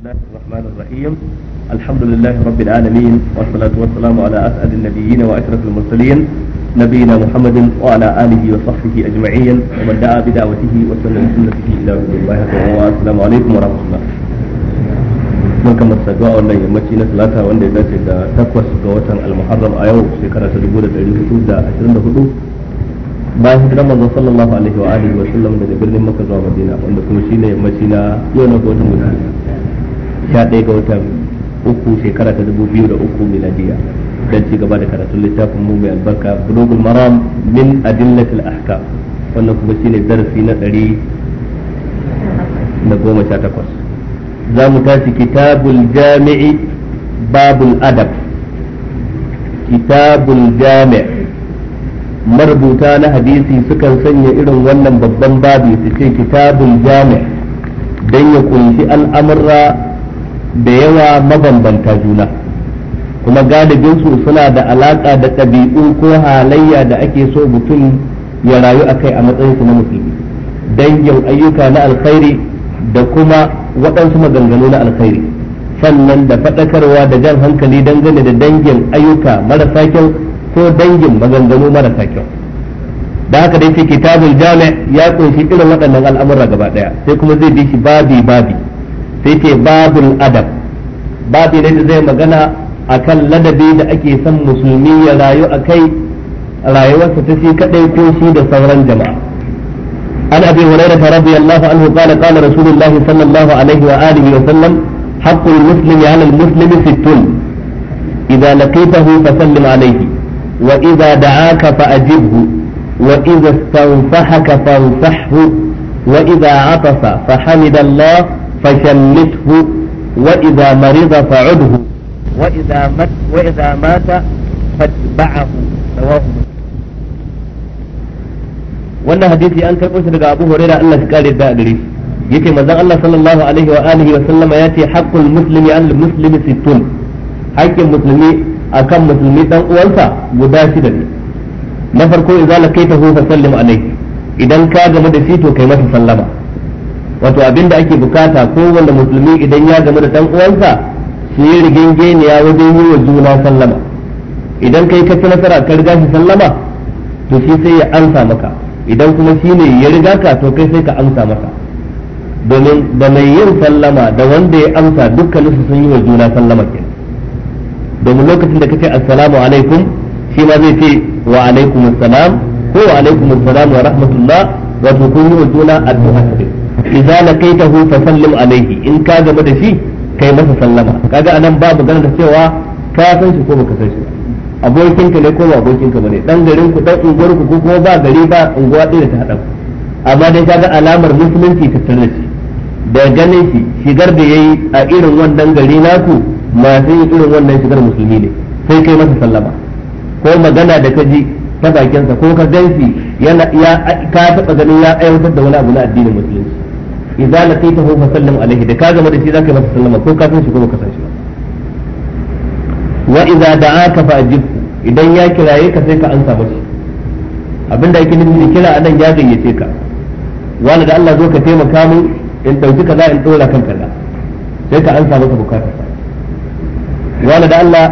الله الرحمن الرحيم الحمد لله رب العالمين والصلاة والسلام على أسعد النبيين وأشرف المرسلين نبينا محمد وعلى آله وصحبه أجمعين ومن دعا بدعوته وسلم سنته إلى رسول الله السلام عليكم ورحمة الله من كما استدعوا أن يمتين صلاة وأن يبتد تقوى سقوة المحرم أيو سيكرة سلبورة الهدود أشرنا هدو bayan hidira manzo sallallahu alaihi wa alihi wa sallam daga birnin makka zuwa madina wanda kuma shine yammaci na yau na 11 ga watan uku shekara ta 2003 miladiya don ci gaba da karatun littafin mu mai albarka bulogun maram min adillatil ahka wannan kuma shine darasi na 118 za mu tashi kitabul jami'i babul adab kitabul jami' marubuta na hadisi sukan sanya irin wannan babban babi su ce kitabul jami' don ya kunshi al'amurra da yawa mabambanta juna kuma galibinsu suna da alaƙa da ɗabi'u ko halayya da ake so mutum ya rayu a kai a matsayinsu na musulmi dangin ayyuka na alkhairi da kuma waɗansu maganganu na alkhairi sannan da faɗakarwa da jan hankali dangane da dangin ayyuka marasa kyau ko dangin maganganu marasa kyau da haka dai sai kitabul jami ya kunshi irin waɗannan al'amura gaba ɗaya sai kuma zai bi shi babi babi sai ce babul adab babi ne da zai magana a kan ladabi da ake son musulmi ya rayu a kai rayuwarsa ta shi kaɗai ko shi da sauran jama'a an abi hurairah radiyallahu anhu qala qala rasulullahi sallallahu alaihi wa alihi wa sallam حق المسلم على المسلم ست إذا لقيته فسلم عليه وإذا دعاك فأجبه وإذا استنصحك فانصحه وإذا عطس فحمد الله فشلته وإذا مرض فعده وإذا مات وإذا مات فاتبعه رواه wannan hadisi an karɓo shi daga Abu Hurairah Allah shi kare da gare shi yake manzon Allah sallallahu alaihi wa alihi wa sallama yace haqqul muslimi al muslimi sittun haƙƙin musulmi akan musulmi dan uwansa guda shida ne na farko idza lakaitahu fa sallim alayhi idan ka gama da shi to kai masa sallama wato da ake bukata ko wanda musulmi idan ya gamu da dan uwansa su yi rigingeniya wajen yi wa juna sallama idan kai ka ci nasara ka riga shi sallama to shi sai ya amsa maka idan kuma shi ne ya riga ka to kai sai ka amsa maka domin da mai yin sallama da wanda ya amsa dukkanin su sun yi wa juna sallama ke domin lokacin da kace assalamu alaikum shi ma zai ce wa alaikum assalam ko wa alaikum assalam wa rahmatullah wato kun yi wa juna addu'a ta idza laqaitahu fa sallim alayhi in ka gaba da shi kai masa sallama kaga anan babu ganin da cewa ka san shi ko baka san shi abokin ka ne ko ba abokin ka bane dan garin ku dan unguwar ku ko kuma ba gari ba unguwa ɗaya ta hada amma dai kaga alamar musulunci ta tare shi da ganin shi shigar da yayi a irin wannan gari naku masu yin irin wannan shigar musulmi ne sai kai masa sallama ko magana da ka ji ta sa ko ka gan shi yana ya ka taba ganin ya aiwatar da wani abu na addinin musulunci idza laqaitahu fa sallim alaihi da ka gama da shi zaka yi masa sallama ko ka san shi ko baka san shi wa idza da'aka fa ajib idan ya kiraye ka sai ka ansa abinda yake nufi da kira anan ya gayyace ka da Allah zo ka taimaka mu in dauki kaza in dora kan kaza sai ka ansa masa da Allah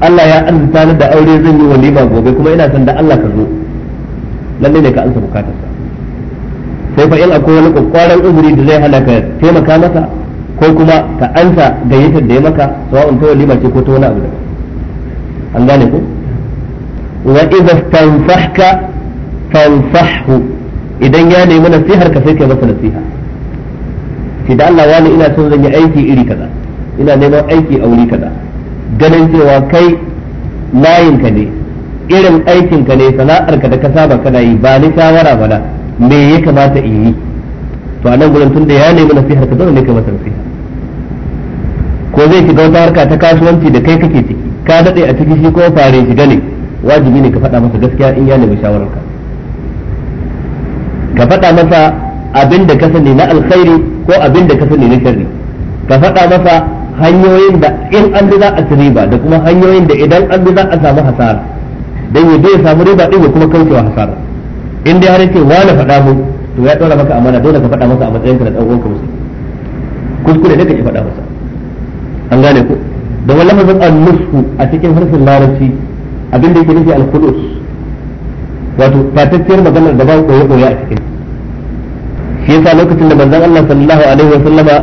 Allah ya arzuta da aure zan yi walima gobe kuma ina son da Allah ka zo lalle ne ka ansa bukatarsa sai fa in akwai wani kwakwaran uzuri da zai hana ka taimaka masa ko kuma ka ansa gayyatar da ya maka sawa'un ta walima ce ko ta wani abu da an gane ko wa idza tanfahka tanfahu idan ya nemi nasihar ka sai kai masa nasiha ki da Allah wani ina son zan yi aiki iri kaza ina neman aiki a wuri kaza ganin cewa kai layinka ne irin aikinka ne sana'arka da ka saba kana yi ba ni shawara ba me ya kamata in yi to a nan gudun tunda ya nemi nasihar ka dole ne ka masa nasiha ko zai shiga wata harka ta kasuwanci da kai kake ciki ka daɗe a ciki shi ko fare shiga ne wajibi ne ka faɗa masa gaskiya in ya nemi shawarar ka ka faɗa masa abin da ka sani na alkhairi ko abin da ka sani na sharri ka faɗa masa hanyoyin da in an bi za a ci riba da kuma hanyoyin da idan an bi za a samu hasara dan ya bi ya samu riba ɗin ya kuma kaucewa hasara in dai har yake wani faɗa mu to ya ɗora maka amana dole ka faɗa masa a matsayinka na ɗan uwanka musulmi kuskure ne kake faɗa masa an gane ku. da wani lamarin al-nusfu a cikin harshen larabci abin da yake nufi al kudus wato fatacciyar maganar da ba koyo koyo a cikin shi yasa lokacin da manzon Allah sallallahu alaihi wa sallama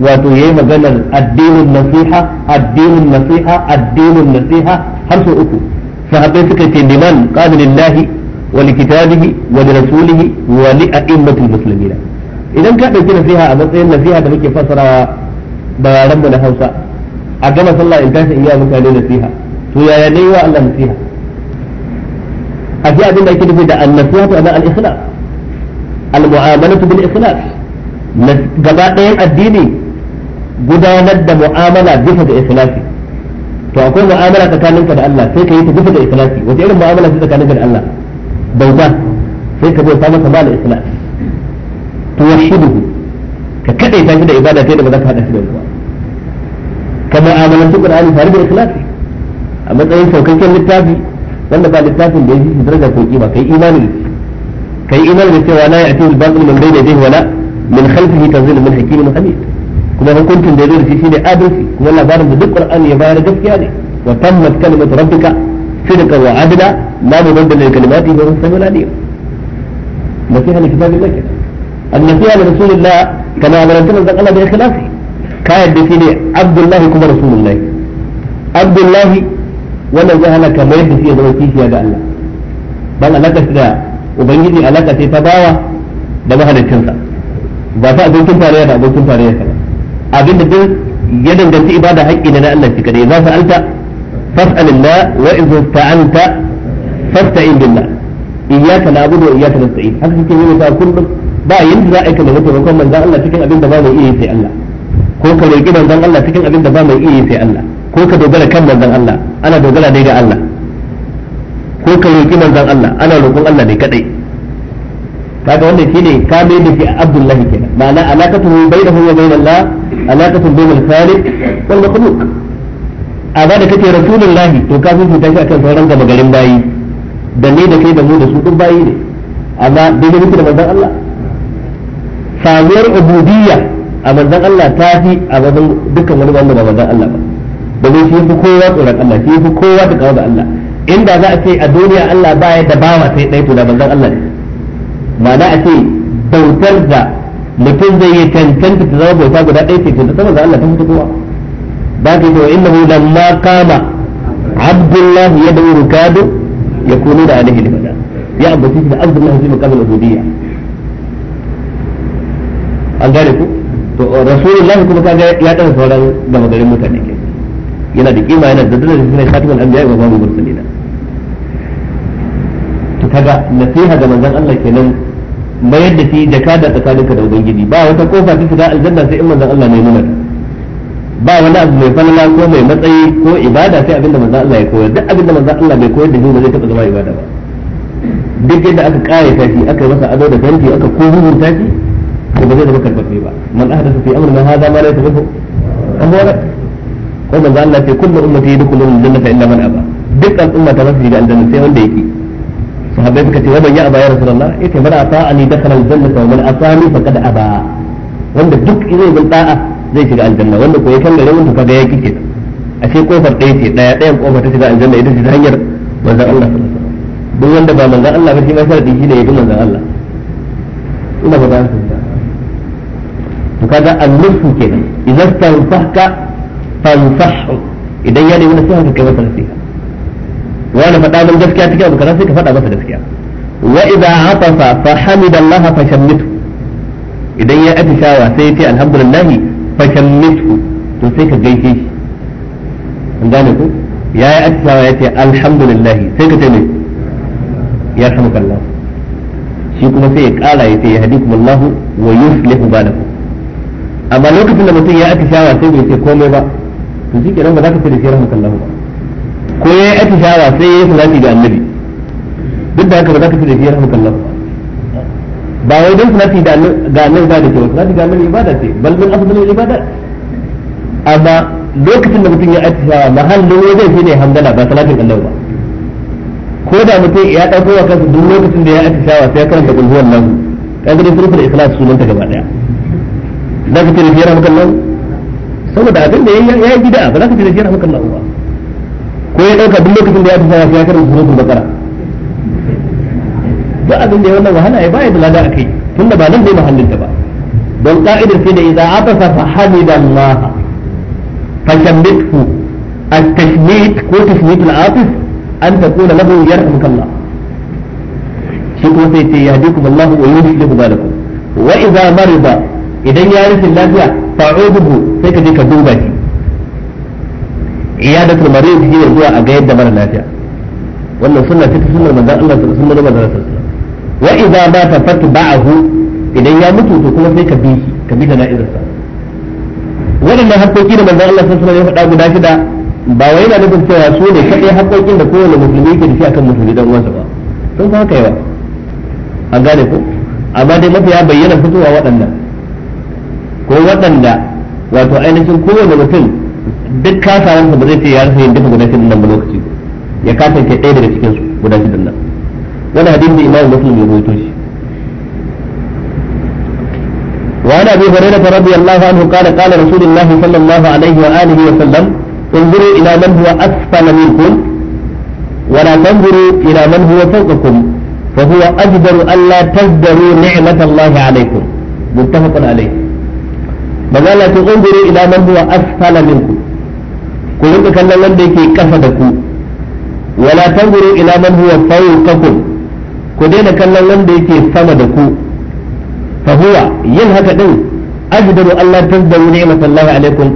wato yayi maganar addinin nasiha addinin nasiha addinin nasiha har sau uku sahabbai suka ce liman qala lillahi wa likitabihi wa lirasulihi wa li a'immatil muslimina idan ka dauki nasiha a matsayin nasiha da muke fasarawa da ran da Hausa a gama sallah in tashi iya mutane nasiha to yaya ne wa Allah nasiha a ji abin da ake nufi da annasiha to ana al-ikhlas al-mu'amalatu bil ikhlas gaba ɗayan addini gudanar da mu'amala bisa ga ikhlasi to akwai mu'amala tsakaninka da Allah sai ka yi ta bisa da ikhlasi wace irin mu'amala ce tsakaninka da Allah bauta sai ka bauta masa ba da ikhlas to washiduhu ka kadaita da ibada kai da ba za ka hada shi da kowa ka mu'amalanci Qur'ani tare da ikhlasi a matsayin saukakken littafi wanda ba littafin da ya shi daraja ko kima kai imani kai imani da cewa la ya'tihi al-batil min bayni yadayhi wala min khalfihi tanzilu min hakimin hamid kuma hukuncin da zai ne adalci kuma labarin da duk qur'ani ya bayar gaskiya ne wa tammat kalimatu rabbika sidqa wa adla la mubaddala li kalimatihi wa huwa samiul alim nasiha li kitabillah النصيحة لرسول الله كما أمرتنا أن الله بإخلاصه كايد بسيني عبد الله shi ne abdullahi kuma الله ولا جهل كما يد في دوتي في هذا الله بل علاقة دا وبنجي علاقة تباوى da mahalicinsa ba ta abokin tarayya da abokin tarayya abinda duk ya danganci ibada haƙƙi na Allah shi kadai za su alta fas'alillah wa idza ta'anta fasta'in billah iyyaka na'budu wa iyyaka nasta'in haka kike yi ta kullum ba yanda za a yi kalmar taimakon manzon Allah cikin abin da ba mai iya sai Allah ko ka roki manzon Allah cikin abin da ba mai iya sai Allah ko ka dogara kan manzon Allah ana dogara dai ga Allah ko ka roki manzon Allah ana roƙon Allah ne kadai kaga wannan shine ka mai da shi Abdullahi kenan ma'ana alaqatuhu bainahu wa bain Allah alaqatun bainal khaliq wal makhluq amma da kake rasulullahi to ka fi fita shi akan sauran gaba garin bayi da ne da kai da mu da su duk bayi ne amma daidai muke da manzon Allah samuwar ubudiyya a manzon Allah ta fi a wajen dukkan wani wanda ba manzon Allah ba da domin shi fi kowa tsoron Allah shi fi kowa da kawo da Allah inda za a ce a duniya Allah baya da bawa sai ɗaya to da manzon Allah ne ma'ana a ce bautar da mutum zai yi cancanta ta zama bauta guda ɗaya ce to saboda Allah ta mutu kowa da ka ce hula ma kama abdullahi ya wuri kado ya kunu da alihi limada ya ambaci shi da abdullahi zai makamin hudiyya an gane ku to rasulullah kuma ga ya tsara sauran gama garin mutane ke yana da kima yana da dole wa babu mursalina kaga nasiha ga manzon Allah kenan mayar da shi jaka da tsakaninka da ubangiji ba wata kofa ta shiga aljanna sai in manzon Allah ne nuna ba wani abu mai falala ko mai matsayi ko ibada sai abinda manzon Allah ya koyar duk abinda manzon Allah bai koyar da shi ba zai taba zama ibada ba duk yadda aka kare ta shi aka masa ado da kanti aka ko rubuta shi to ba zai zama karfafe ba man ahdasa fi amrina hadha ma laysa minhu amwara ko manzo Allah ya ce kullu ummati yadkhuluna al-jannata illa man aba duk al'umma ta zasu shiga aljanna sai wanda yake sahabbai suka ce wa man ya aba ya rasulullah yace man ata ali dakhala aljanna wa man asani faqad aba wanda duk zai bin da'a zai shiga aljanna wanda ko ya kangare wanda kaga ya kike ashe kofar ɗaya ce ɗaya ɗayan kofar ta shiga aljanna ita ce ta hanyar manzon Allah duk wanda ba manzon Allah ba shi ma sharadi shine ya bi manzon Allah ina ba ta to kaga annufu kenan idan tanfahka tanfahu idan ya nemi nasiha ka kai masa nasiha wani faɗa min gaskiya cikin abu kaza sai ka faɗa masa gaskiya wa idza atasa fa hamidallaha fa shammitu idan ya atishawa sai ya ce alhamdulillah fa shammitu to sai ka gaishe shi an gane ku ya yi atishawa ya ce alhamdulillah sai ka ce mai ya rahmukallah shi kuma sai ya kara ya ce ya hadikumullahu wa yuslihu balakum amma lokacin da mutum ya atishawa sai bai ce komai ba to shi kenan ba za ka ce da shi rahmukallah ba ko ya yi atishawa sai ya yi salati ga annabi duk da haka ba za ka fi da fiyar hankali ba wai don salati ga annabi ba da kyau salati ga annabi ibada ce bal min afdalul ibadat amma lokacin da mutum ya hal mahallin wajen shi ne hamdala ba salatin annabi ba ko da mutum ya ɗauko wa kansa duk lokacin da ya atishawa sai ya karanta kulhu wallahu kaga dai surutul ikhlas ta gaba daya za ka fi da fiyar hankalin saboda abin da ya yi bid'a ba za ka fi da fiyar hankali ba ko ya dauka duk lokacin da ya tafi ya karanta suratul bakara ba abin da ya wannan wahala ya baya da lada tun da ba nan bai mahallin ta ba don ka'idar sai da idza atasa fa hamidallah fa shabbithu at-tashmit ko tashmit al-atif an taqula lahu yarhamukallah shi kuma sai ce yahdikum Allah wa yuslihu balakum wa idza marida idan ya rashin lafiya fa'uduhu sai ka je ka duba shi iyadatul marid shi ne zuwa a ga yadda mara lafiya wannan sunna ce ta sunnar manzon Allah sunnar manzon Allah wa idza mata fatba'ahu idan ya mutu to kuma sai ka bi shi ka bi da na'izarsa waɗannan haƙoƙi da manzon Allah sallallahu alaihi wasallam ya faɗa guda shida ba wai yana nufin cewa su ne kaɗai haƙoƙin da kowane musulmi yake da shi akan musulmi dan uwansa ba sun fa haka yawa an gane ko amma dai mafiya bayyana fitowa waɗannan ko waɗanda wato ainihin kowane mutum duk ka samu ba zai ce ya rasa yin duka guda shidin nan ba lokaci ya kasance ɗaya daga cikin guda shidin nan wani hadisi da imamu muslim ya rubuto shi wa ana bi bare da allah anhu qala qala rasulullah sallallahu alaihi wa alihi wa sallam انظروا الى من هو اسفل منكم ولا تنظروا الى من هو فوقكم فهو اجدر الا تجدروا نعمه الله عليكم متفق عليه manzo Allah ce unguru ila man huwa asfala minkum ku rinka kallon wanda yake kafa da ku wala tanzuru ila man huwa fawqakum ku daina kallon wanda yake sama da ku fa huwa yin haka din ajdaru Allah tazdaru ni'mat Allah alaikum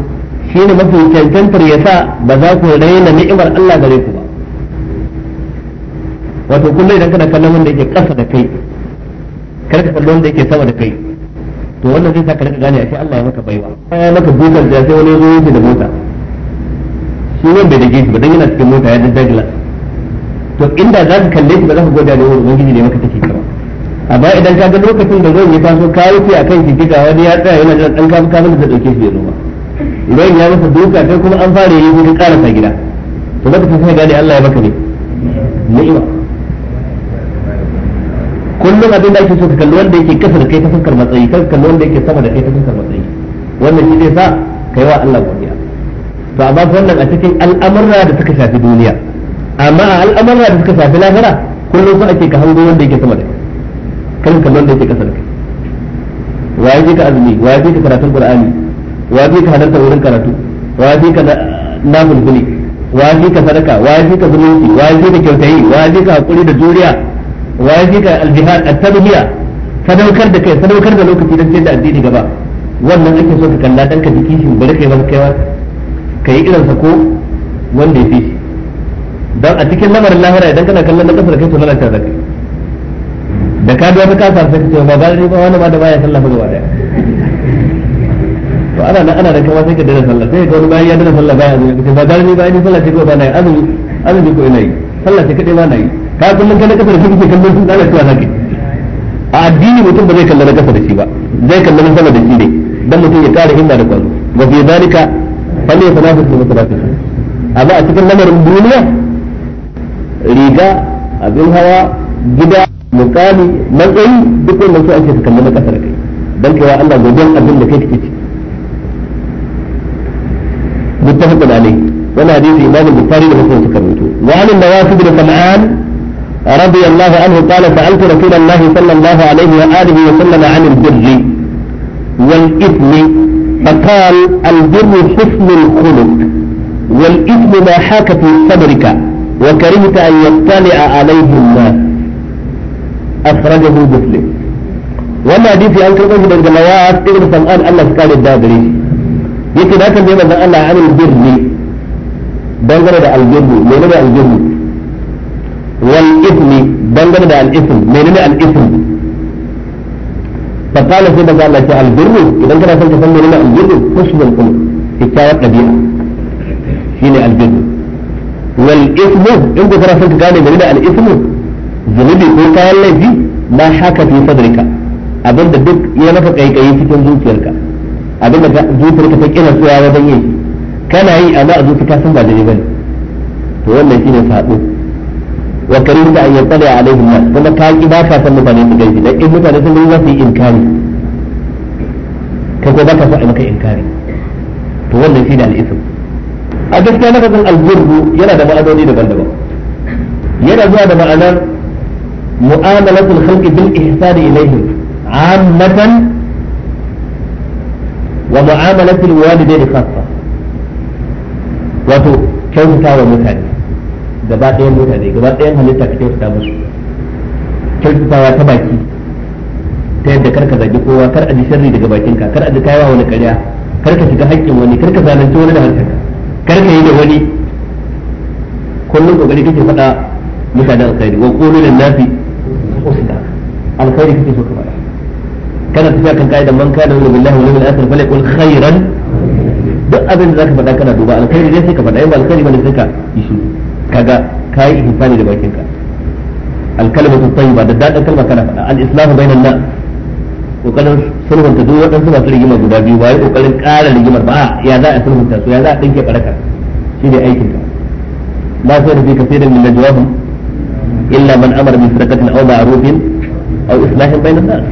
shine mafi cancantar yasa ba za ku raina ni'imar Allah gare ku ba wato kullum idan kana kallon wanda yake kasa da kai kar ka kallon wanda yake sama da kai to wannan zai saka rika gane ce Allah ya maka baiwa sai ya maka bugar da sai wani zo yake da mota shi ne bai da gefe ba dan yana cikin mota ya dadda glass to inda za ka kalle shi ba za ka gode da wani ubangiji ne maka take kama amma idan ka ga lokacin da zan yi taso ka rufe akan shi kika wani ya tsaya yana jiran dan ka kafa da dauke shi ya noma idan ya masa duka sai kuma an fara yi ka karasa gida to lokacin sai gane Allah ya maka ne ni'ima kullum abin da ake so ka kalli wanda yake kasa da kai ta fuskar matsayi kar kalli wanda yake sama da kai ta fuskar matsayi wannan shi zai sa kai wa Allah godiya to amma wannan a cikin al'amurra da suka shafi duniya amma a al'amurra da suka shafi lahira kullum so ake ka hango wanda yake sama da kai kan kalli wanda yake kasa da kai waye ji ka azumi waye ji ka karatun qur'ani waye ji ka halarta wurin karatu waye ji ka namul guli waye ji ka sadaka waye ji ka zumunci waye ji ka kyautayi waye ji ka hakuri da juriya waye ya ka aljihad at-tadhiya sadaukar da kai sadaukar da lokaci dan sai da addini gaba wannan ake so ka kalla dan ka ji kishin bari kai ba kai kai irin sa ko wanda ya shi dan a cikin lamarin lahira idan kana kallon na kasar kai to lalata zakai da ka ga wata kasa sai ka ba ba ne ba wani ba da baya sallah ba gaba to ana ana da kama sai ka daina sallah sai ka wani bayan ya daina sallah baya zai ka ce ba gani ba ni sallah ce ko ba na yi azumi azumi ko ina yi sallah ce kadai ba na yi ka kullum kana kasar shi kake kallon sun lalacewa zaka a addini mutum ba zai kalla na kasa da shi ba zai kalla na sama da shi ne dan mutum ya kare himma da kwazo wa fi zalika falle salatu da salatu amma a cikin lamarin duniya riga abin hawa gida mukami matsayi duk wannan su ake kalla na kasa da kai dan kai Allah godon abin da kai kake ci متفق عليه ولا حديث إمام البخاري ومسلم سكرته وعن النوافذ بن سمعان رضي الله عنه قال سألت رسول الله صلى الله عليه وآله وسلم عن البر والإثم فقال البر حسن الخلق والإثم ما حاك في صدرك وكرهت أن يطلع عليه الناس أخرجه مسلم وما دي في أنكر من الجماعات إلا سمعان الله سكال الدابري يكي لا أن الله عن البر دنجرة البر لماذا البر dangane da al'isim menene al'isim fa qala sai daga Allah ta albirru idan kana son ka san menene albirru husnul khuluq kyakkyawar shi ne albirru wal ismu in ka kana son ka gane menene al'ismu zunubi ko kayan laifi ma haka fi sadrika abinda duk ya maka kaikayi cikin zuciyarka abinda zuciyarka ta kira tsayawa wajen yi kana yi amma a zuciya ka san ba daidai bane to wannan shine sabo wa karinta an yatsala alaihi nas kuma ka ki ba ka san mutane su gaishe dan in mutane sun gani za su yi inkari kai ko ba ka so a maka inkari to wannan shine al-ism a gaskiya na kasan al-burru yana da ma'anoni daban-daban yana zuwa da ma'anar mu'amalatul khalqi bil ihsani ilaihim ammatan wa mu'amalatul walidaini khassa wato kyautata wa mutane gaba ɗayan mutane gaba ɗayan halitta ka kyautata musu kyautatawa ta baki ta yadda kar ka zagi kowa kar a ji sharri daga bakinka kar a ji kayawa wani ƙarya kar ka shiga haƙƙin wani kar ka zalunci wani da harkarka kar ka yi da wani kullum kokari kake faɗa mutane alkhairi wa qulu lin nasi usda alkhairi kake so ka faɗa kana tafiya kan kaidan man kana billahi wal yawmil akhir falyakul khairan duk abin da zaka faɗa kana duba alkhairi dai sai ka faɗa in ba alkhairi bane sai ka yi shiru kaga kai ihsani da bakin ka al-kalimatu tayyiba da dadan kalma kana faɗa al-islahu bainan nas kokarin sulhunta duk waɗansu masu rigima guda biyu ba yi kokarin ƙara rigimar ba ya za a sulhunta su ya za a ɗinke ɓaraka shi ne aikin ka la sai da fi kafirin min najwahum illa man amara bi sadaqatin aw ma'rufin aw islahin bainan nas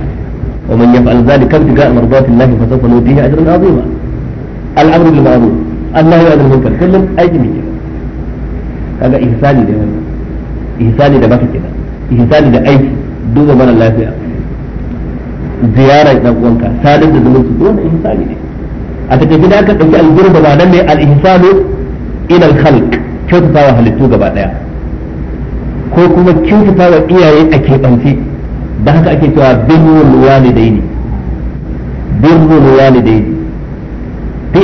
wa man yaf'al dhalika ibtiga'a mardati Allah fa sawfa nutihi ajran 'azima al-amru bil ma'ruf an-nahyu 'anil munkar kullum aiki ne kaga ihsani da wannan ihsani da baka kenan ihsani da aiki duba mana lafiya ziyarar dan uwanka sadar da zumunci ko wannan ihsani ne a take da ka dauki al-gurba ba dan ne al-ihsanu ila al-khalq kyautata wa halittu gaba daya ko kuma kyautata wa iyaye a keɓance da haka ake cewa birrul walidaini birrul walidaini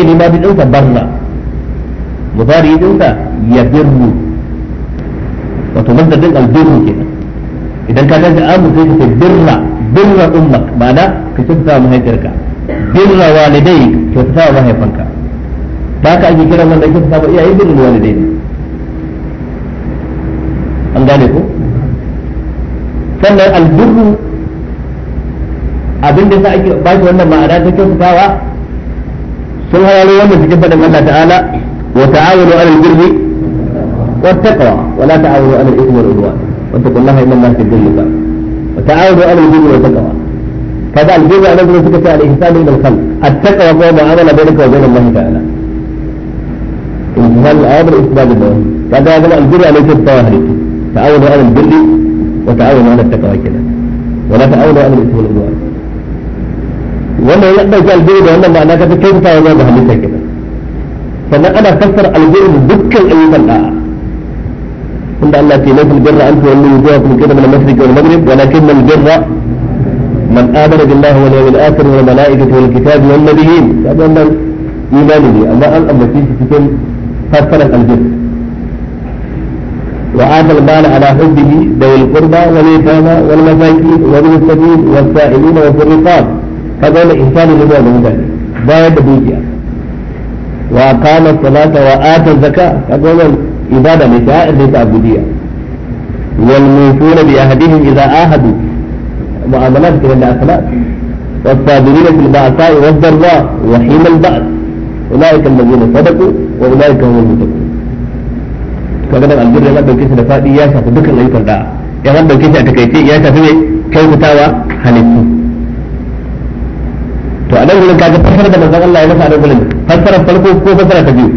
ne ma bi dinsa barra mudari dinka yabirru wato madadin albirru kenan idan ka tashi amu sai ka ce birra birra ummak ma'ana ka kyautata wa mahaifiyarka birra walidai ka kyautata wa mahaifanka ba ka ake kiran wanda kyautata wa iyaye birrul walidai ne an gane ko sannan albirru abin da sa ake ba shi wannan ma'ana ta kyautatawa sun hararo wanda suke faɗin Allah ta'ala wa ta'awulu alal birri والتقوى ولا تعاونوا على الإثم والعدوان واتقوا الله إن الله شديد العقاب وتعاونوا على البر والتقوى كذا البر أنا أقول لك الإحسان من الخلق التقوى هو ما عمل بينك وبين الله تعالى امتثال الأوامر واجتناب النواهي كذا هذا البر ليس الطواهر تعاونوا على البر وتعاونوا على التقوى كذا ولا تعاونوا على الإثم والعدوان wannan ya ɗauki aljihu da wannan ma'ana ka ta kyautata wa zama halitta kenan sannan ana fassara aljihu dukkan ayyukan da'a عند الله في ليس البر أن تولوا وجوهكم كذا من المشرق والمغرب ولكن البر من آمن بالله واليوم الآخر والملائكة والكتاب والنبيين هذا من إيمانه أما أن في تكون فسرة البر وآتى المال على حبه ذوي القربى واليتامى والمساكين وابن السبيل والسائلين وفي الرقاب إنسان إحسان لله ذلك باية بوجيه وأقام الصلاة وآتى الزكاة فقال ibada mai sha'a'ir ne ta abudiya wal mufuna bi ahadihim idza ahadu mu'amalat kira da akhlaq والصابرين في البأساء والضراء وحين البأس أولئك الذين صدقوا وأولئك هم المتقون kaga da albir da dauke shi da fadi ya shafi dukkan ayyukan da'a ya ran dauke shi a takaice ya shafi ne kyautatawa halittu to a nan gurin kaga fasara da manzon Allah ya masa a nan gurin fasara farko ko fasara ta biyu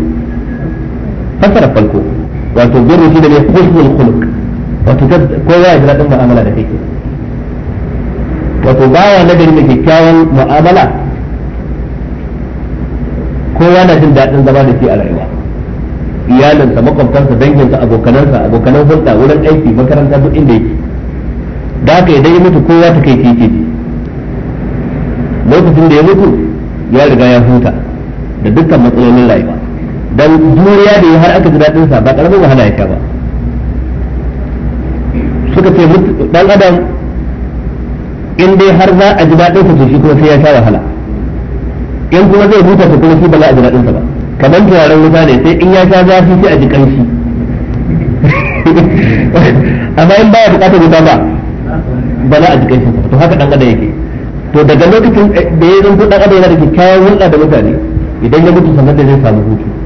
fasara farko wato birru shi da ne husnul khuluq wato kowa ya ji daɗin mu'amala da kake wato baya nagari da kyakkyawan mu'amala kowa na jin daɗin zama da shi a rayuwa iyalinsa makwabtansa danginsa abokanansa abokanan hulɗa wurin aiki makaranta duk inda yake da haka idan ya mutu kowa ta kai kike lokacin da ya mutu ya riga ya huta da dukkan matsalolin rayuwa dan duniya da har aka ji daɗin sa ba karamin wahala ya sha ba suka ce dan adam in dai har za a ji daɗin sa to shi kuma sai ya sha wahala in kuma zai huta to kuma shi ba za a ji daɗin sa ba kamar turaren wuta ne sai in ya sha zafi sai a ji kanshi amma in baya bukatar wuta ba ba za a ji kanshi to haka dan adam yake to daga lokacin eh, da ya zanto dan adam yana da kyakkyawan hulɗa da mutane idan ya mutu sanar da zai samu hutu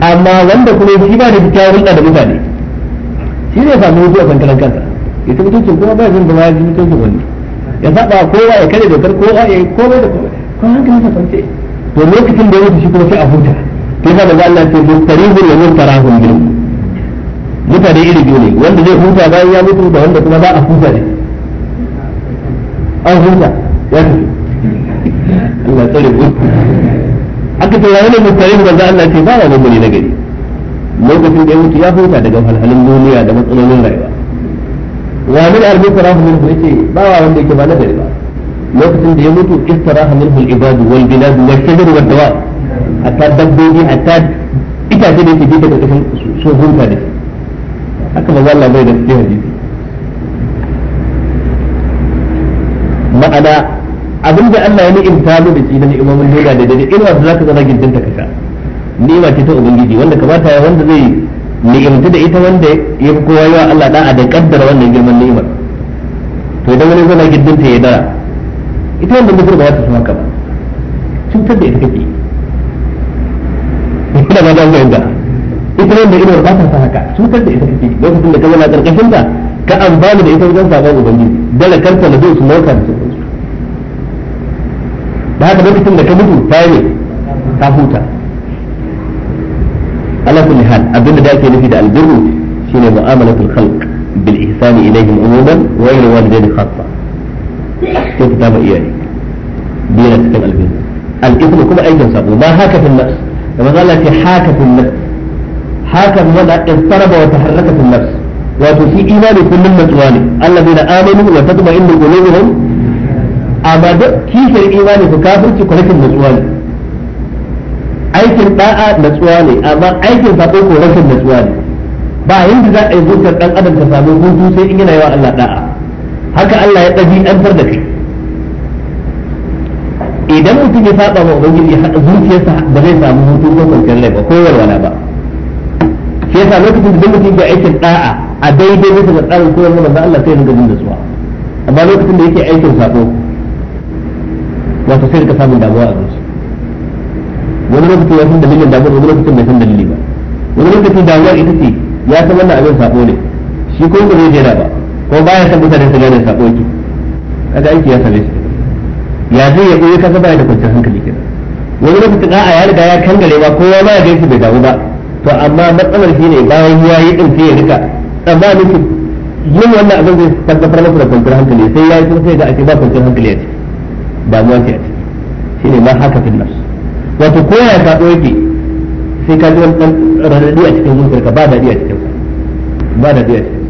amma wanda kuma shi ba da kyakkyawar hulɗa da mutane shi ne samu mutuwa kan karan kansa ya ta mutuncin kuma ba zan zama ya ji mutuncin wani ya saba kowa ya kare dokar kowa ya kowa da kowa kuma hankalin sa kwance to lokacin da ya mutu shi kuma sai a huta to yasa da Allah ce mustarihun fara mustarahun biyu mutane iri biyu ne wanda zai huta bayan ya mutu da wanda kuma ba a huta ne an huta ya tafi Allah tsare aka ce wani mutane ba Allah ce ba ya mummuni na gari lokacin da ya mutu ya huta daga halhalin duniya da matsalolin rayuwa wa min al-mukrahu minhu yace ba wa wanda yake ba na gari ba lokacin da ya mutu istiraha minhu al-ibadu wal bilad wal shajar wal dawa hatta dabbobi hatta itace da yake bi daga kashin sun huta da haka ba Allah bai da cikin hadisi ma'ana abin da Allah ya ni'imta mu da shi na ni'imomin duniya da dare ina da zaka zama gindin ta kasha ni'ima ce ta ubangiji wanda kamata ya wanda zai ni'imta da ita wanda ya fi kowa yawa Allah da'a da kaddara wannan girman ni'imar to idan wani zana gindin ta ya dara ita wanda mutum ba ta sama kaba cutar da ita kake ita ba za mu ita wanda inuwar ba ta sa haka cutar da ita kake lokacin da ka zama karkashin ta ka amfani da ita wajen sabon ubangiji dala karta da zai su mauka da su da haka lokacin da ka mutu ta yi ta huta ala kulli hal abinda da ake nufi da albirru shine mu'amalatul khalq bil ihsani ilayhim umuman wa ila walidayhi khassa sai ta ba iyaye biyar cikin albirru al-ithmu kuma aikin sabo ba haka fil nafs da manzo Allah ce haka fil nafs haka wanda istaraba wa taharraka fil nafs wato shi imani kullum matsuwa ne allazina amanu wa tatma'innu qulubuhum amma duk kishiyar imani ku kafirci ku rashin natsuwa ne aikin da'a natsuwa ne amma aikin sako ko rashin natsuwa ne ba yanda za a yi zuciyar dan adam ta samu hutu sai in yana yawa Allah da'a haka Allah ya ɗabi'antar da kai idan mutum ya saba wa ubangiji zuciyarsa ba zai samu hutu ko kwanciyar rai ba ko walwala ba sai yasa lokacin da mutum ke aikin da'a a daidai bisa da tsarin koyarwa manzo Allah sai ya ga jin natsuwa amma lokacin da yake aikin sako. wato sai rika samun damuwa a zuci wani lokaci ya san dalilin damuwar wani lokacin bai san dalili ba wani lokacin damuwar ita ce ya san wannan abin sabo ne shi ko ba zai jera ba ko baya san mutane su gane sabo yake kaga aiki ya same shi ya zai ya koyi kasa baya da kwanciyar hankali kenan wani lokacin a'a ya riga ya kangare ba kowa ba ya gaisu bai damu ba to amma matsalar shi ne bayan ya yi din sai ya rika tsammanin yin wannan abin zai tabbatar masa da kwanciyar hankali sai ya yi sun sai ga ake ba kwanciyar hankali a ciki damuwa ce a ciki shi ne ma haka fil nafs wato ko ya fado yake sai ka ji wannan radadi a cikin zuciyarka ba dadi a cikin ba dadi a cikin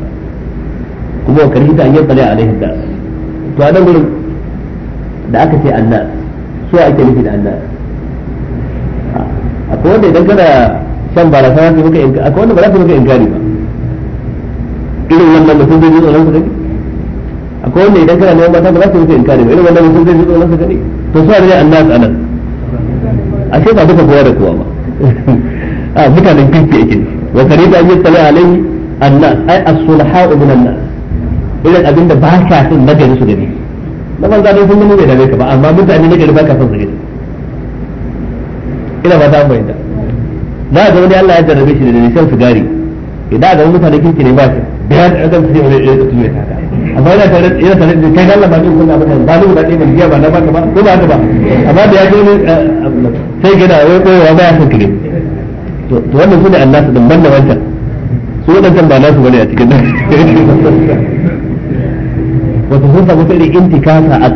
kuma wa karhita an yatsala alaihi da to a nan gurin da aka ce annas so ake nufi da annas akwai wanda idan kana shan barasa za su maka akwai wanda ba za su maka inkari ba irin wannan mutum zai zo tsoron su kake akwai wanda idan kana neman mata ba za ka yi inkari ba irin wannan mutum zai ji tsoron ka ne to su ne annas anan ashe ba duka kowa da kowa ba a mutanen kirki yake wa karida yi tsala alai annas ai as-sulha'u min annas irin abinda ba ka na gari su gani na banza dai sun nuna da ka ba amma mutane gari ba ka son su gani ina ba ta da. Na ga wani Allah ya jarrabe shi da nisan sigari idan ga mutanen kirki ne ba shi bayan da adam sai wani yake tuye ta amma yana tare yana tare da kai Allah ba ni kun abin ba ni biya ba na ba ko ba ba amma da ya ji ne eh, sai gina wai koyewa ba ya san kire to wannan sune Allah su dan da wancan su wadannan ba nasu bane a cikin nan wato sun samu intikasa a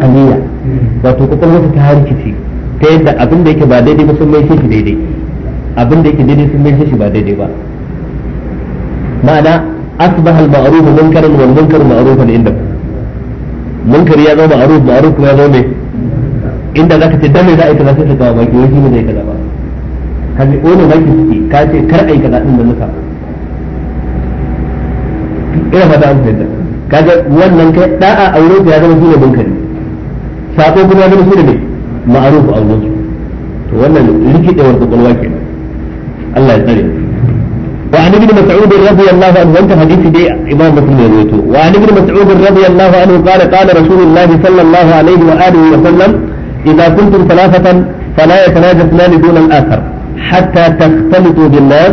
wato ta harkice ta yadda abin da yake ba daidai ba sun mai shi daidai abin da yake daidai sun mai shi ba daidai ba ma'ana أصبح المعروف منكرا والمنكر معروفا عندك منكر يا زوم معروف معروف يا زوم inda zaka ce dan za a kaza sai ka kawo baki wai shine zai kaza ba ka ji ono baki suke ka ce kaza din da muka ina fata an fahimta kaga wannan kai da'a aure ya zama shine munkari sabo kuma zama ne to wannan Allah ya وعن ابن مسعود رضي الله عنه وانت حديث دي امام مسلم يرويته وعن ابن مسعود رضي الله عنه قال قال رسول الله صلى الله عليه واله وسلم اذا كنتم ثلاثه فلا يتناجى اثنان دون الاخر حتى تختلطوا بالناس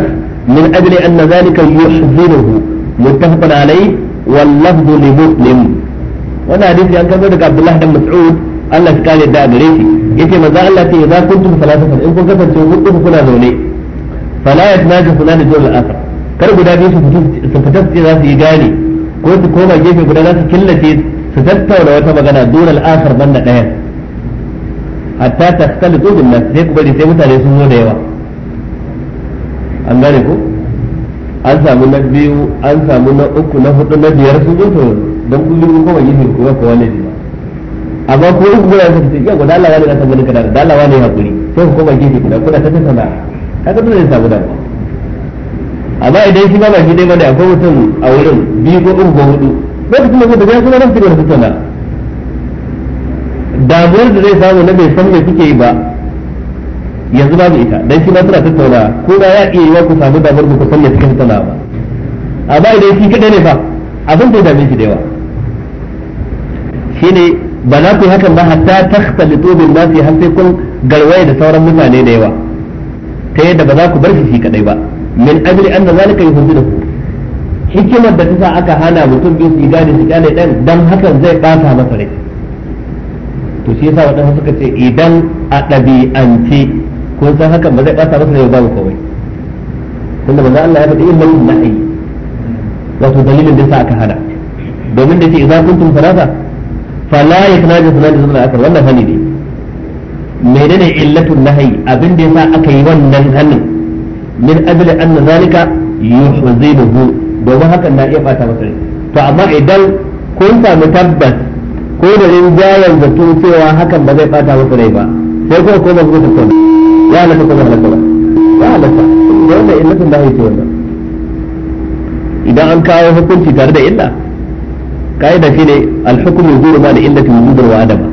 من اجل ان ذلك يحزنه متفق عليه واللفظ لمسلم وانا حديث عن كذلك عبد الله بن مسعود الله كان يدعى بريتي يتي مزال الله اذا كنتم ثلاثه ان كنتم تكونوا كنا زوني fala yatnaju fulani dole al kar guda biyu su fito su za su yi gane ko su koma gefe guda za su killace su tattauna wata magana dole al'asar banda daya hatta kalli bin sai ku bari sai mutane sun zo da yawa an gane ko an samu na biyu an samu na uku na hudu na biyar sun zo to don kullum ko koma gefe ko ko wani ba amma ko uku guda su fita ya guda Allah ne na san ganin ka da Allah hakuri sai ku koma gefe kuma kuna ta tattauna kaga dole ya samu a amma idan shi ba ba shi dai bane akwai mutum a wurin biyu ko uku ko hudu lokacin da kuma ya kuma nan cikin tattauna damuwar da zai samu na bai san me suke yi ba yanzu babu ita dan shi ba suna tattauna ko ba ya iya yi wa ku samu damuwar ku san mai suke tattauna ba amma idan shi kadai ne fa abin da ya dame shi da yawa shine ba za ku yi hakan ba hatta ta takhtalitu bin yi har sai kun garwaye da sauran mutane da yawa ta yadda ba za ku bar shi kadai ba min ajli anna zalika ku hikimar da ta aka hana mutum biyu su gane su gane dan dan hakan zai bata masa rai to shi yasa wadansu suka ce idan a ɗabi'ance kun san hakan ba zai bata masa rai ba mu kawai tunda manzo Allah ya faɗi ilmin nahi wato dalilin da yasa aka hana domin da ce idan kuntum salata fala yaknaju sunan da sunan akar wannan hali ne menene illatun nahayi abin da yasa aka yi wannan hannun min ajli anna zalika yuhzinuhu domin hakan na iya fata masa to amma idan kun samu tabbas ko da rinjayen tun cewa hakan ba zai bata masa rai ba sai kuma ko ba ku ya halatta kuma ba halatta ba ya halatta da wanda illatun nahayi ce wannan idan an kawo hukunci tare da illa kaida shine al-hukmu yuzuru ma da illatin yuzuru wa adama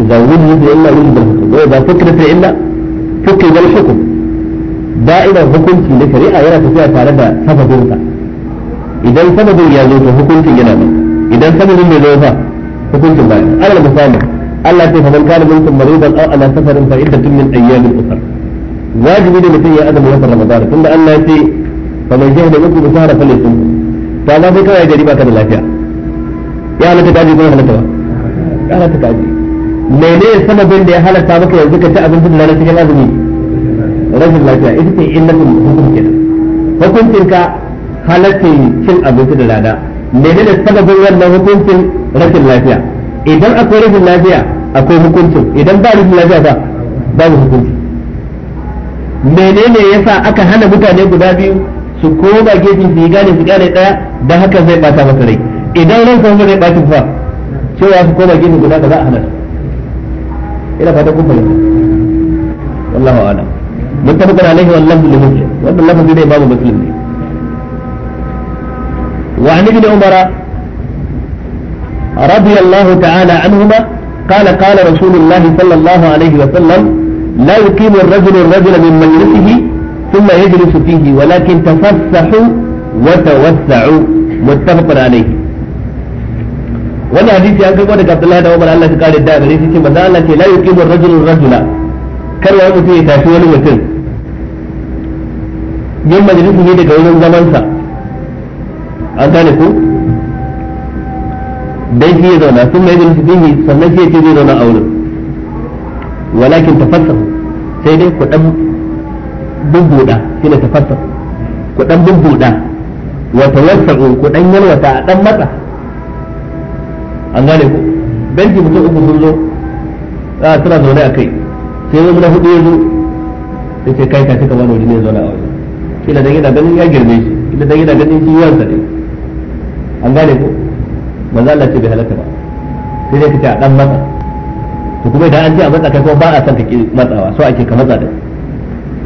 إذا وجد إلا وجد الحكم وإذا فكرة إلا فكر الحكم دائما حكم في الشريعة يرى تسيا تعالى سببه إذا سببه يزوج حكم في جنابه إذا سببه يزوج حكم في بايع على المثال الله تعالى فمن كان منكم مريضا أو على سفر فعدة من أيام أخرى واجب ne mutum ya azumi watan ramadan tunda Allah ya ce fa man jahada minkum sahara falyasum to amma sai kawai gari baka da lafiya ya halatta kaji ko halatta ba ya halatta kaji mene sanadin da ya halatta maka yanzu ka ci abincin da na cikin azumi rashin lafiya ita ce illatin hukuncin hukuncin ka halatta cin abinci da rana mene ne sanadin wannan hukuncin rashin lafiya idan akwai rashin lafiya akwai hukuncin idan ba rashin lafiya ba babu hukunci ne yasa aka hana mutane guda biyu su koma gefe su yi gane su gane daya da haka zai bata masa rai idan ran kuma zai bata fa cewa su koma gefe guda da za a hana su ina fata kun fahimta wallahu a'lam muttafaqun alaihi wallahu li muslim wannan lafazin da imamu muslim ne wa an ibn umara radiyallahu ta'ala anhuma قال قال رسول الله صلى الله عليه وسلم لا يقيم الرجل الرجل من مجلسه ثم يجلس فيه ولكن تفسحوا وتوسعوا متفق عليه wannan hadisi an karbo daga Abdullahi da Umar Allah ya kare da gare shi ce manzo Allah ce la yuqimu ar-rajulu rajula kar wani mutum ya tafi wani mutum yin majalisu ne daga wurin sa an gane ku dan shi ya zauna sun mai majalisi fihi sannan shi ya ce zai zauna a wurin walakin tafassar sai dai ku dan bubuda shi ne tafassar ku dan bubuda wa tawassau ku dan yalwata a dan matsa an gane ku banki mutum uku sun zo a tana zaune a kai sai zo na hudu ya zo sai ce kai ka kamar wani ne zaune a wajen kila dan na ganin ya girme shi ina dan yana ganin shi yawansa ne an gane ko za a ce bai halatta ba sai dai kace a dan matsa to kuma idan an ce a matsa kai kuma ba a san ka ki matsawa so ake ka matsa da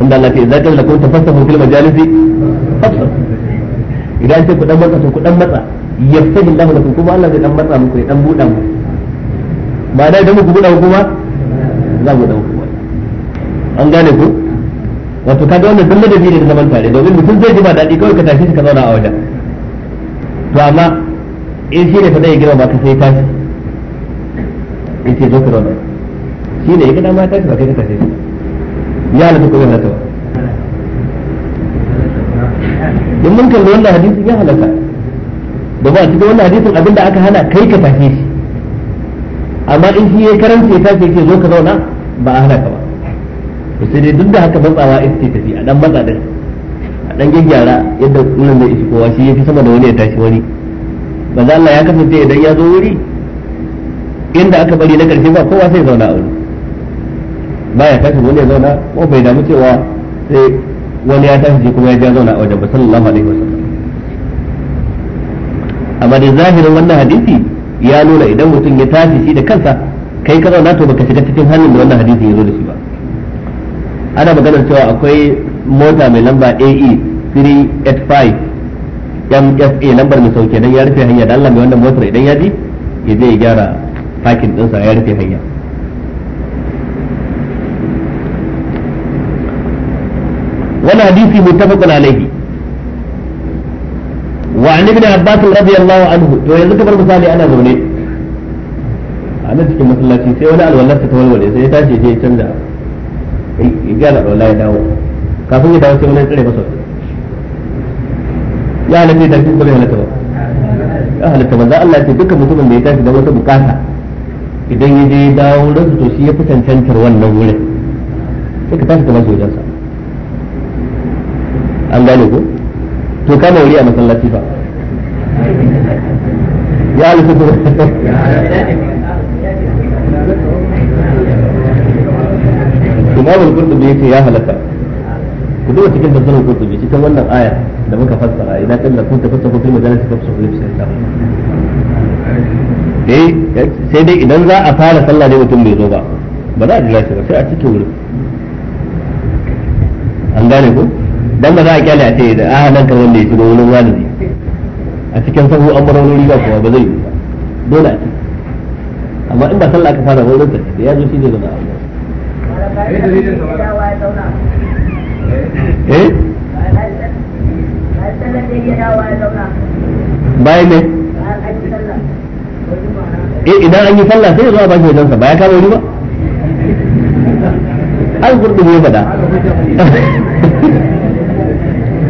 inda Allah ce idza kana lakum tafassahu fil majalisi fafsah idan an ce ku dan matsa to ku dan matsa yastahi Allah lakum kuma Allah zai dan matsa muku ya dan buɗa muku ba da idan muku buɗa muku ba za mu dan kuma an gane ku wato kaga wannan duk ladabi ne da zaman tare domin mutum zai ji ba daɗi kawai ka tashi ka zauna a wajen to amma in shi ne fa zai girma ka sai tashi in ce zo ka zauna shi ne ya gina ma tashi ba kai ka tashi ya halatta ko bai halatta ba in mun kalli wannan hadisi ya halatta da ba cikin wannan hadisin abinda aka hana kai ka tashe shi amma in shi ya karanta ya tashi ke zo ka zauna ba a hana ka ba to sai dai duk da haka matsawa in ce tafi a dan matsa da a dan gyaggyara yadda nan zai shi kowa shi ya fi sama da wani ya tashi wani manzo Allah ya kasance idan ya zo wuri inda aka bari na karshe ba kowa sai zauna a wuri ba ya tashi wani ya zauna ko bai damu cewa sai wani ya tashi kuma ya ja zauna a wajen ba sallallahu alaihi wasallam amma da zahirin wannan hadisi ya nuna idan mutum ya tashi shi da kansa kai ka zauna to baka shiga cikin halin da wannan hadisi ya zo da shi ba ana maganar cewa akwai mota mai lamba AE 385 MFA lambar mai sauke dan ya rufe hanya da Allah mai wannan motar idan ya ji ya je ya gyara fakin dinsa ya rufe hanya wannan hadisi mutafaqun alaihi wa an ibn abbas radiyallahu anhu to yanzu kamar misali ana zaune a nan cikin masallaci sai wani alwallar ta walwale sai ya tashi je ya canza ya gyara alwallar ya dawo kafin ya dawo sai wani tsare masa ya halatta ya tashi ko bai halatta ba ya halatta ba za Allah ya ce dukkan mutumin da ya tashi da wata bukata idan ya je dawo su to shi ya fi cancantar wannan wurin sai ka tashi ka bashi wajensa an gane ko to kama wuri a masallaci ba ya halitta ko imam al-qurtubi yace ya halaka ku duba cikin tafsirin qurtubi cikin wannan aya da muka fassara idan kan kun tafassaru fil majalisi fa sahih sai dai sai dai idan za a fara sallah dai mutum bai zo ba ba za a jira shi ba sai a cikin wuri an gane ko dan ba za a kyale a ce da a nan kan wanda ya shigo wurin wani ne a cikin sahu an bar wani ba kuma ba zai yi dole a amma in ba sallah aka fara wurin ta ya zo shi ne da na'a eh bayan ne eh idan an yi sallah sai ya zo a bashi wajen sa ba ya kama wani ba an gurdu ne fada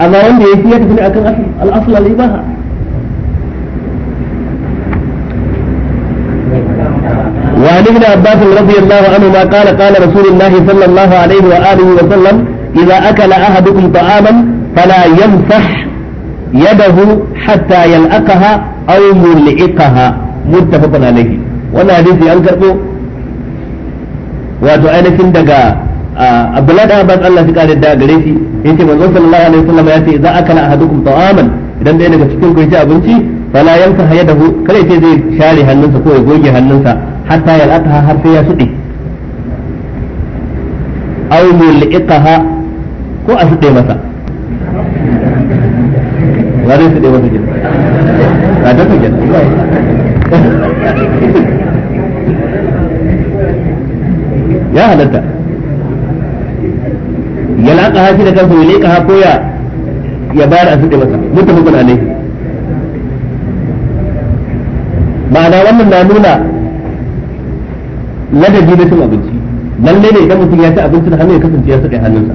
amma wanda ya fiye tafi ne akan al'asul al'ibaha وعن ابن عباس رضي الله عنهما قال قال رسول الله صلى الله عليه وآله وسلم إذا أكل أحدكم طعاما فلا يمسح يده حتى يلأقها أو ملئقها متفق عليه ولا حديث أنكرته wato ainihin daga Abdullahi da Abbas Allah ya kare da gare shi yace manzo sallallahu alaihi wasallam ya ce idza akala ahadukum ta'aman idan dai daga cikin ku ya ci abinci fala yanka hayadahu kare ce zai share hannunsa ko ya goge hannunsa hatta yal'ataha har sai ya sude aw mul'iqaha ko a sude masa ba zai sude masa gida ba da ku ya halatta ya laƙa hafi da kansa ya leƙa ha ko ya ya bayar a suke masa mutum alai ma'ana wannan na nuna ladabi na cin abinci lalle ne idan mutum ya ci abinci da hannu ya kasance ya saka hannunsa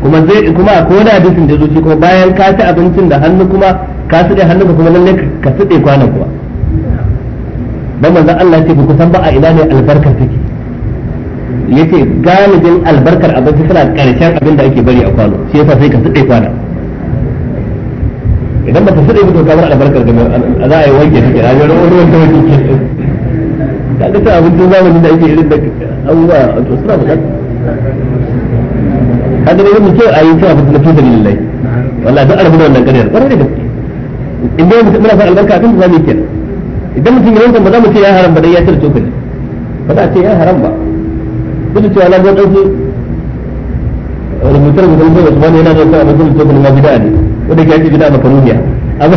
kuma zai kuma ko da abincin da zuci kuma bayan ka ci abincin da hannu kuma ka hannu ka kuma lalle ka suɗe kwanan kuwa dan manzon Allah ce ba ku san ba a ina ne albarkar take yace galibin albarkar abinci suna karshen abin da ake bari a kwano shi yasa sai ka tsaye kwana idan ba ta tsaye mutum to kamar albarkar da za a yi wanke take a yau wani wanda wani ke ga ta abincin zamanin da ake irin da abubuwa a to suna buƙatar kaga ne mu ce a yi cewa fitina to lillahi wallahi duk arabu da wannan ƙaryar ƙwarai da gaske in dai mutum muna son albarka abin da za mu yi kenan idan mutum ya yanka ba za mu ce ya haram ba dai ya cire cokali ba za a ce ya haram ba duk cewa na ɗauke rubutar rubutun da Usman yana da sa abin da kuma bid'a ne wanda ke ake bid'a makaruniya amma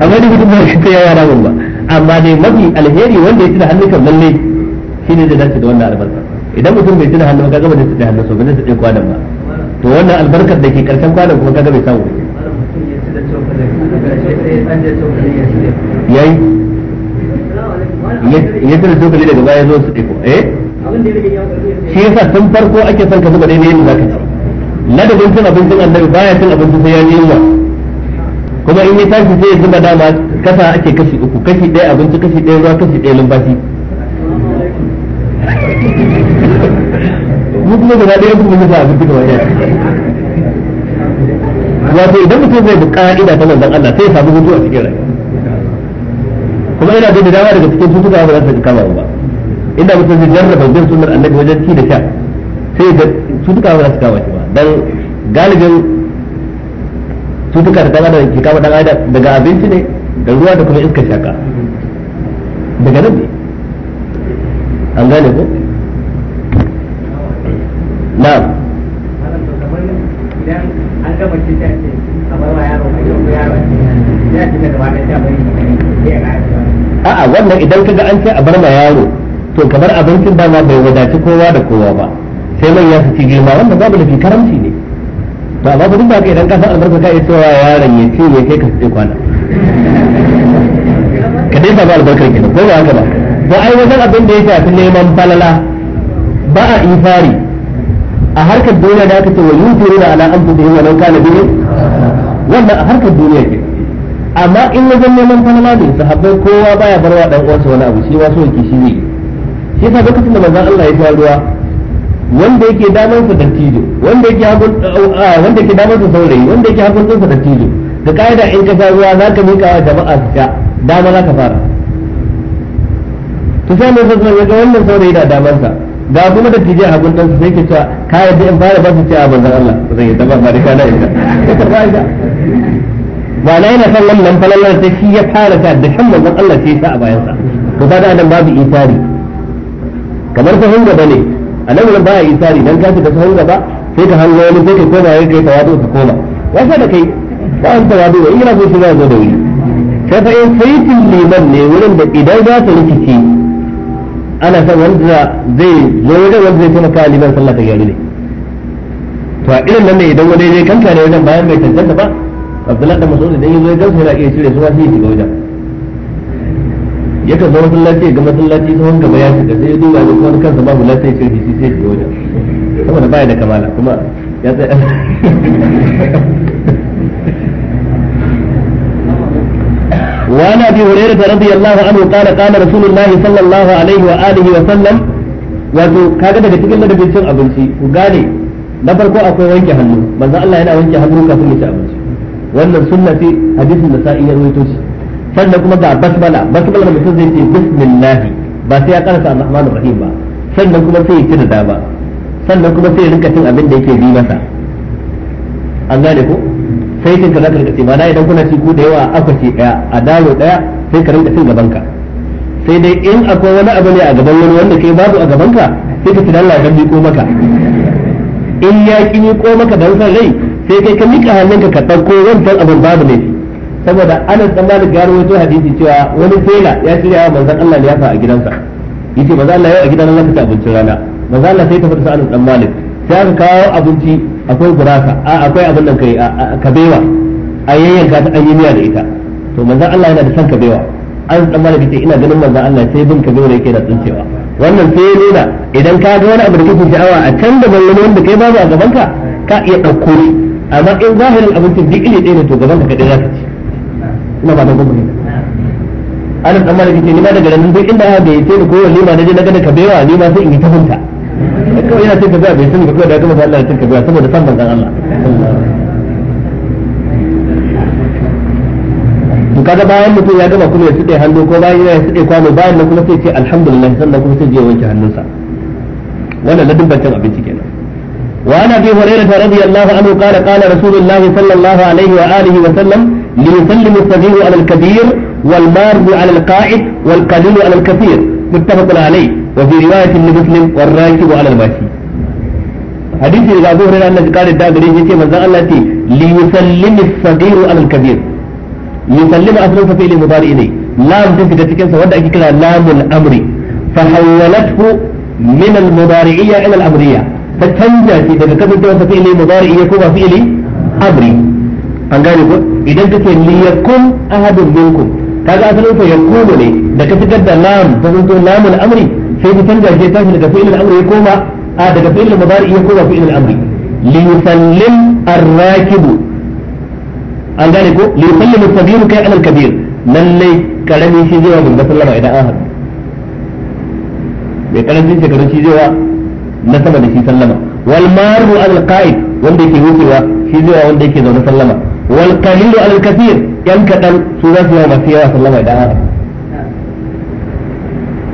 amma ni shi ta yaya ramin ba amma ne mafi alheri wanda ya tuna hannun kan lalle shine da dace da wannan albarka idan mutum bai tuna hannun ka gaba tuna hannun so ba zai kwanan ba to wannan albarkar da ke karshen kwanan kuma kaga bai samu yayi ya tuna cokali daga baya zo su ɗiko eh shi yasa tun farko ake son ka zuba daidai yadda zaka ci ladabin cin abincin annabi baya cin abincin sai ya yi yunwa kuma in ya tashi sai ya zuba dama kasa ake kashi uku kashi ɗaya abinci kashi ɗaya ruwa kashi ɗaya lumbashi mu kuma gaba ɗaya kuma mu sa abinci gaba ɗaya wato idan mutum zai bi ka'ida ta manzon Allah sai ya samu hutu a cikin rai kuma ina da dama daga cikin tutuka ba za su kama ba inda mutum zai jarraba bin sunnar annabi wajen ci da sha sai da cutuka ba za su kama shi ba dan galibin cutuka da kama da ke kama dan adam daga abinci ne da ruwa da kuma iska shaka daga nan ne an gane ko na'am idan a a'a wannan idan kaga an ce a bar ma yaro to kamar abincin ma bai wadaci kowa da kowa ba sai man ya ci girma wanda babu da karamci ne to amma ba ka da idan ka san albarka ka iya cewa yaron ya ce ya kai ka sai kwana ka dai samu albarkar kenan ko ba haka ba to ai wajen abin da ya shafi neman falala ba a ifari a harkar duniya da aka ce wa yutiru da ala da wa law kana biyu wannan a harkar duniya ke amma in wajen neman falala ne sahabbai kowa baya barwa dan uwansa wani abu shi wasu yake shi ne shi yasa lokacin da manzon Allah ya fara ruwa wanda yake daman sa dattijo wanda yake hagun wanda yake daman sa saurayi wanda yake hagun sa dattijo da kaida in ka fara ruwa zaka mika wa jama'a su sha dama zaka fara to sai mun san yaga wannan saurayi da daman sa ga kuma da tije hagun dan sai ke cewa ka yadda in fara ba su ce a manzon Allah zai yadda ba ba da kana ita ka ba ita ba na yana san wannan falalar ta shi ya fara ta da kan manzon Allah sai ya sa a bayansa to da nan babu isari kamar ta hanga ne a nan wurin baya isari dan ka ta hanga ba sai ka hanga wani sai ka koma ya kai tawadu ka koma ya sa da kai ba an tawadu ba ina so shi za zo da wuri sai fa in saitin liman ne wurin da idan za ta rikice ana san wanda zai zo wajen wanda zai taimaka liman sallah ta gyaru ne to a irin nan ne idan wani zai kanka ne wajen bayan bai tantance ba Abdullahi da Mas'ud idan ya zo ya gamsu yana iya cire su ma sai ya shiga wajen yakan zama masallaci ga masallaci ta wani gaba ya shiga sai ya duba da kuma wani kansa babu lafiya ce sai ya wajen saboda baya da kamala kuma ya tsaya وعن ابي هريره رضي الله عنه قال قال رسول الله صلى الله عليه واله وسلم wato kaga daga cikin ladabin cin abinci ku gane na farko akwai wanke hannu manzo Allah yana wanke hannu kafin ya ci abinci wannan sunna ce hadisin da sa'i ya rawaito sannan kuma ga basmala basmala da mutum zai ce bismillahi ba sai ya karasa ar-rahmanir rahim ba sannan kuma sai ya ci da dama sannan kuma sai ya rinka cin abin da yake bi masa an gane ko sai kin kaza ka ma ci idan kuna ci ku da yawa akwaci daya a dawo daya sai ka rinka cin gaban ka sai dai in akwai wani abu ne a gaban wani wanda kai babu a gaban ka sai ka ci dan Allah dan ko maka in ya ki ko maka dan san rai sai kai ka mika hannunka ka dauko wancan abin babu ne saboda anas dan malik ya rawaito hadisi cewa wani tela ya shirya wa manzon Allah liyafa a gidansa yace manzon Allah yau a gidan Allah ta abincin rana manzon Allah sai ta fada anas dan malik sai aka kawo abinci akwai gurasa a akwai abin nan kai kabewa a yayyanka ta an yi miya da ita to manzon Allah yana da san kabewa an dan malami ce ina ganin manzon Allah sai bin ka gaure yake da tsincewa wannan sai nuna idan ka ga wani abu da kake sha'awa a can da mallami wanda kai babu a gaban ka ka iya dauko amma in zahirin abincin duk ile ɗaya ne to gaban ka kadai zaka ci ina ba da gobe ana dan malami ce ni ma daga nan duk inda ya bai sai ko walima na je na gada kabewa ni ma sai in yi ta hunta kawai yana cin kabewa bai sani ba kawai da gama Allah ya cin kabewa saboda san manzon Allah to bayan mutum ya gama kuma ya sude hannu ko bayan ya sude kwano bayan nan kuma sai ce alhamdulillah sannan kuma sai je wanke hannunsa wannan ladin bantan abinci kenan وعن ابي هريره رضي الله عنه قال قال رسول الله صلى الله عليه wa sallam. ليسلم الصغير على الكبير والمار على القائد والقليل على الكثير متفق عليه وفي رواية لمسلم والراكب على الماشي حديث إذا أبو لنا أن ذكر الدابرين جيتي التي ليسلم الصغير على الكبير يسلم أصله في فعل مضارع إليه لام جنس جاتي سودا كلا لام الأمر فحولته من المضارعية إلى الأمرية فتنجى في ذلك كبير جنس فعل مضارع في فعل أمري an gane ko idan kake li yakun ahadun minkum kaga asalin sa yakunu ne da ka fitar da lam ta zanto lamul amri sai ka canza shi tashi daga fi'il al-amri ya koma a daga fi'il al-mudari ya koma fi'il al-amri li yusallim ar-rakibu an gane ko li yusallim as-sabir kai al-kabir lalle karami shi zai wa sallama idan an haɗu mai karancin shekaru shi zai na sama da shi sallama wal maru al-qa'id wanda yake wucewa shi zai wa wanda yake zaune sallama wal qalilu al kathir yan kadan su za su yi masu yawa sallama idan haka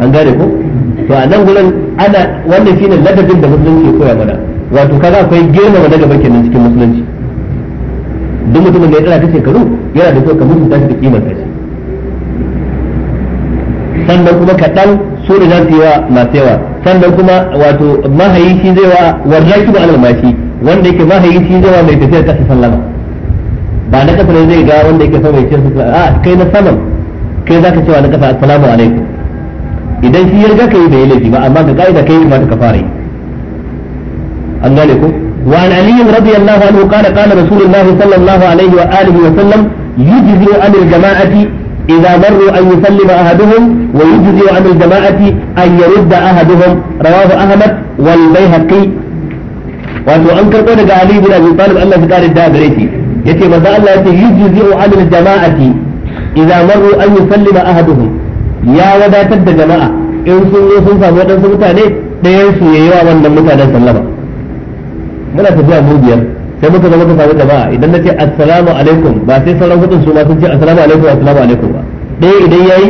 an gane ko to a nan gurin ana wannan shine ladabin da musulunci ya koya mana wato kaga akwai girmama na gaba nan cikin musulunci duk mutumin da ya tsara ta shekaru yana da kyau ka mutunta shi da kimar kashi sannan kuma kaɗan su ne za su yi wa masu yawa sannan kuma wato mahayi shi zai wa warraki ba alamashi wanda yake mahayi shi zai wa mai tafiya kasa sallama ba na kafa ne zai ga wanda yake sama yake suka a kai na saman kai zaka cewa na kafa assalamu alaikum idan shi yarda kai da laifi ba amma ga kaida kai ma ka fara yi an gane ko wa an ali radiyallahu anhu qala qala rasulullahi sallallahu alaihi wa alihi wa sallam yujzi an al-jama'ati إذا مروا أن يسلم أحدهم ويجزي jama'ati an أن ahaduhum rawahu ahmad wal bayhaqi wa an karɓo daga Ali bin Abi Talib Allah ya kare da gare shi yace manzo Allah yace yujzi'u 'ala al-jama'ati idza marru an yusallima ahaduhum ya wadatar da jama'a in sun yi sun samu wadansu mutane dayan su yayi wa wannan mutanen sallama muna tafiya mu biyar sai muka zama ka samu jama'a idan nace assalamu alaikum ba sai sauran hudun su ma sun ce assalamu alaikum assalamu alaikum ba daya idan yayi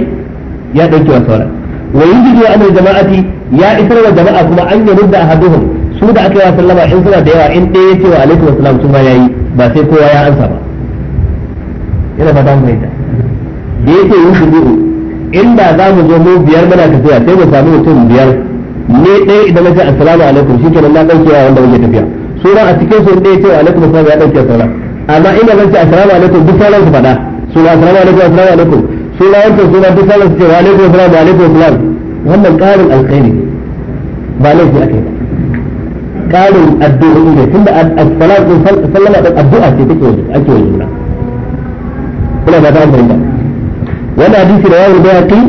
ya dauke wa sauran wa yujzi'u 'ala al-jama'ati ya isar wa jama'a kuma an yarda ahaduhum su da aka yi wa sallama in suna da yawa in ɗaya ya ce wa alaikum assalam su ma yayi ba sai kowa ya ansa ba ina fata mu yadda da yake yin shudu inda za mu zo mu biyar muna tafiya sai mu samu mutum biyar ne ɗaya idan nace assalamu alaikum shi kenan na ɗauke wa wanda muke tafiya sauran a cikin sun ɗaya cewa alaikum assalam ya ɗauke sauran amma ina zan ce assalamu alaikum duk sauran su faɗa su ma assalamu alaikum assalamu alaikum su ma wancan su ma duk sauran su ce wa alaikum assalam wa alaikum assalam wannan ƙarin alkhairi ba laifi ake ba قالوا الدعوة ثم الصلاة من صلى الله عليه الدعاء في ذكر أجوى الجنة ولا ما بعد من وما حديث رواه البيهقي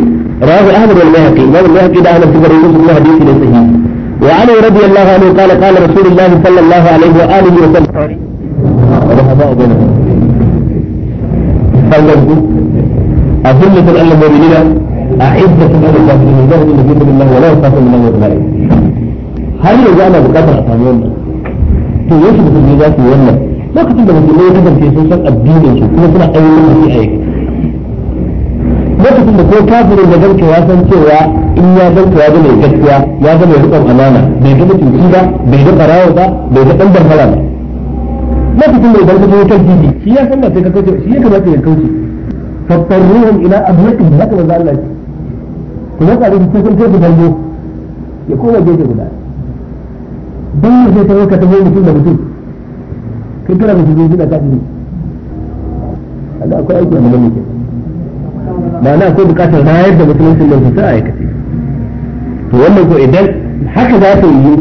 رواه أحمد البيهقي إمام البيهقي دعا في سبري يوسف الله حديث لسه وعلي رضي الله عنه قال قال رسول الله صلى الله عليه وآله وسلم ورحباء بينهم أظلة الأمر لنا أعزة الأمر لنا أعزة الأمر لنا ولا يصاف من الأمر har yanzu ana bukatar a samu wannan to yake musulmi za su yi wannan lokacin da musulmi ya kasance sun san addinin su kuma suna ayyukan su a yake lokacin da ko kafirin da ganke ya san cewa in ya ganke ya zama gaskiya ya zama rikon amana bai ga mutunci ba bai ga barawa ba bai ga dan dambara ba lokacin da idan ka zo kan titi shi ya san ba sai ka kauce shi ya kamata ya kauce fattarruhum ila abnatin haka manzo Allah ya ce ku zaka da cikin kai ku dango ya koma gefe guda don mu sai yi ka taho mutum da mutum kai kana mutum zai gina kaɗi Allah akwai aiki wanda muke ma'ana akwai bukatar rayar da musulunci nan sai a aikace to wannan ko idan haka za ta yi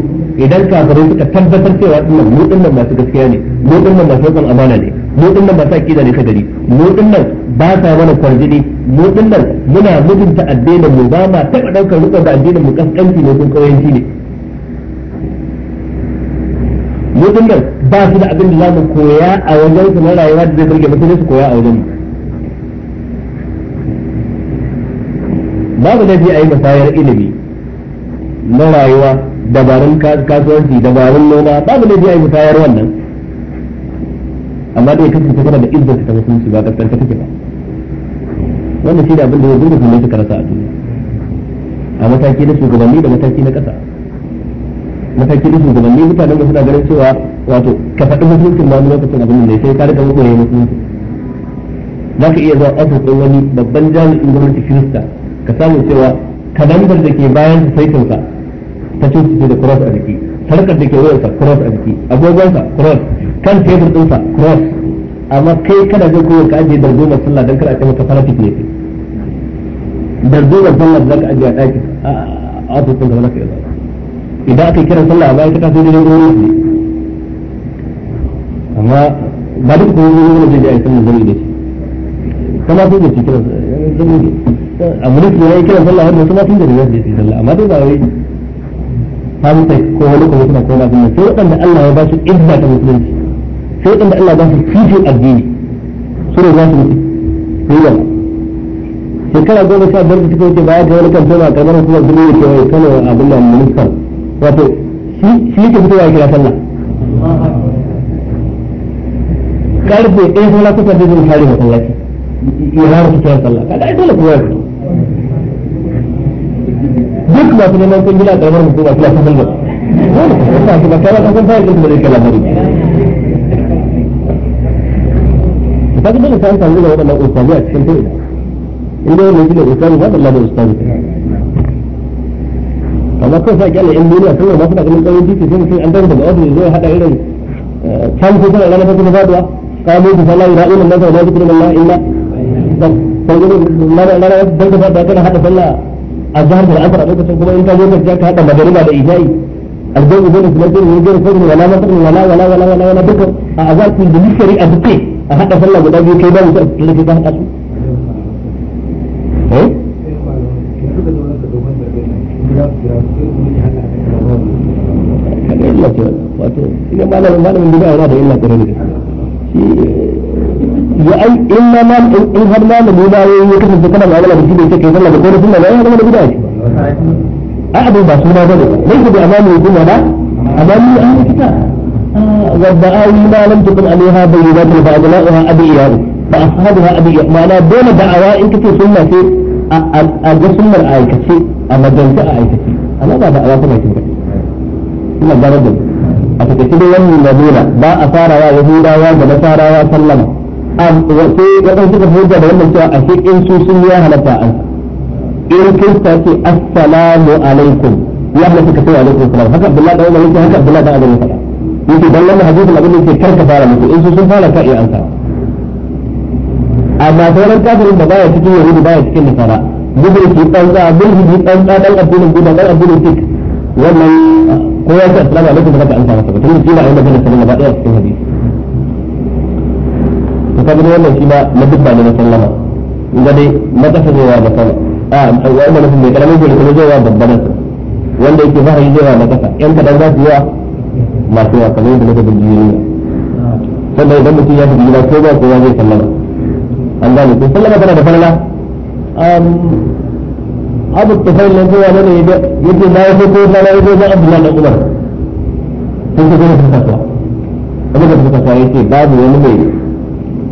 idan kafirai suka tabbatar cewa dinnan mu dinnan masu gaskiya ne mu dinnan masu rikon amana ne mu dinnan masu akida ne ta gari mu dinnan ba sa mana kwarjini mu dinnan muna mutunta addinin mu ba ma taɓa ɗaukar rikon da addinin mu kaskanci ne ko ƙauyanci ne din nan ba su da abin da za mu koya a wajen su na rayuwa da zai burge mutum sai su koya a wajen babu da a yi musayar ilimi na rayuwa dabarun kasuwanci dabarun noma babu da a yi musayar wannan amma dai kasu ta kuma da izzar ta musulunci ba ta take ba wannan shi da abin da zai burge su ne su karasa a duniya a mataki na shugabanni da mataki na ƙasa mataki da shugabanni mutanen da suna ganin cewa wato ka faɗi musulunci ma wani lokacin abin da sai ka rika muku yayin za ka iya zuwa ofis ɗin wani babban jami'in gwamnati kirista ka samu cewa kalandar da ke bayan sa saitinsa ta cutu da cross a jiki sarkar da ke wayarsa cross a jiki agogonsa cross kan tebur ɗinsa cross amma kai kana zai kowa ka ajiye dardumar sallah don a ce mata fanatik ne dardumar sallah za ka ajiye a ɗaki a ofis ɗin da wani idan aka kira sallah a baya ta kafin dai ruwa ne amma ba duk kuma ruwa ne da ya san zai da shi kuma tun da shi kira zai ne abu da kuma ya kira sallah har kuma tun da ya zai sallah amma dai ba wai hamsa ko wani kuma suna kona sunna sai waɗanda Allah ya ba su idda ta musulunci sai waɗanda Allah ba su fifi addini su ne za su mutu ruwan shekara goma sha biyar da suka wuce baya ga wani kan tona kamar kuma zuwa ke wani kano abin da ministan wato shi yake fitowa kira sallah karfe ɗaya sallah kusa da zai kare masallaci ya rara su kira sallah kada ai dole kowa duk ba neman kun gida karamar hukuma suna ta sallah dole ku sa ki ba kai ba kan fara kuma da kala bari kaga dole sai an da wadannan ustazi a cikin kai inda ne gida ustazi ba da Allah ustazi amma ko sa kyale in duniya suna masu daga mun kawai jiki sai mutum an dawo daga ofis zai hada irin can ko tana ranar kuma faduwa kawo ku sallah ila ilmin nazar wa zikrin Allah illa dan sai ranar ranar dan da faduwa kana hada sallah azhar da asr a lokacin kuma in ka zo ka ka hada magariba da isha'i الجو بين الفلاتين ويجري فجر ولا مطر ولا ولا ولا ولا ولا بكر أعزائكم بالشريعة بكي أحد أصلى بدأ بكي بأي سأل لكي بأي أصلى malamin malamin bid'a yana da illa kare da ya ai in ma ma in har malamin ba yayi ya kasance kana mu'amala da shi da yake da kore sunna ba ya da bid'a a abu ba suna ba ne laifi da amami ya kuma ba amami ya yi kita والدعاوي ما لم تكن عليها بينات فأبناؤها أدعياء فأصحابها أدعياء معنى دون دعوة a كنت سنة a الرسول الآية كتير a جنت آية كتير أنا ما دعوة كما يتبقى إلا درجة a takaice dai wannan lalura ba a farawa yahudawa da nasarawa sallama sai waɗansu suka hujja da wannan cewa ashe in su sun ya halatta an in kirista ce assalamu alaikum ya halatta ka sai alaikum salam haka abdullahi da umar yake haka abdullahi da azumi faɗa yake dan wannan hadisin abin da yake kar ka fara musu in su sun fara ka iya ansa amma sauran kafirin da baya cikin yahudu baya cikin nasara gudun ki tsantsa gudun ki tsantsa dan addinin gudan dan addinin wannan ko ya ce assalamu alaikum ba ka amsa masa ba tunda shi ba a yi sallama ba daya cikin hadisi to ka gani wannan shi ma na dubba ne na sallama inda dai na kasa zai wa bakana a wa umma nufin karamin gole kuma zai wa babbanan wanda yake fara zai na kasa yan kadan za su yi wa masu yawa kamar yadda na gaba jiyoyi sannan idan mutum ya bugi na ko ba kowa zai sallama an gane ko sallama tana da farla abu tafai nan zuwa mana yadda yake na yi hoto na yi hoto abdullahi da umar sun ka gina kasuwa abin da kasuwa ya ce babu wani mai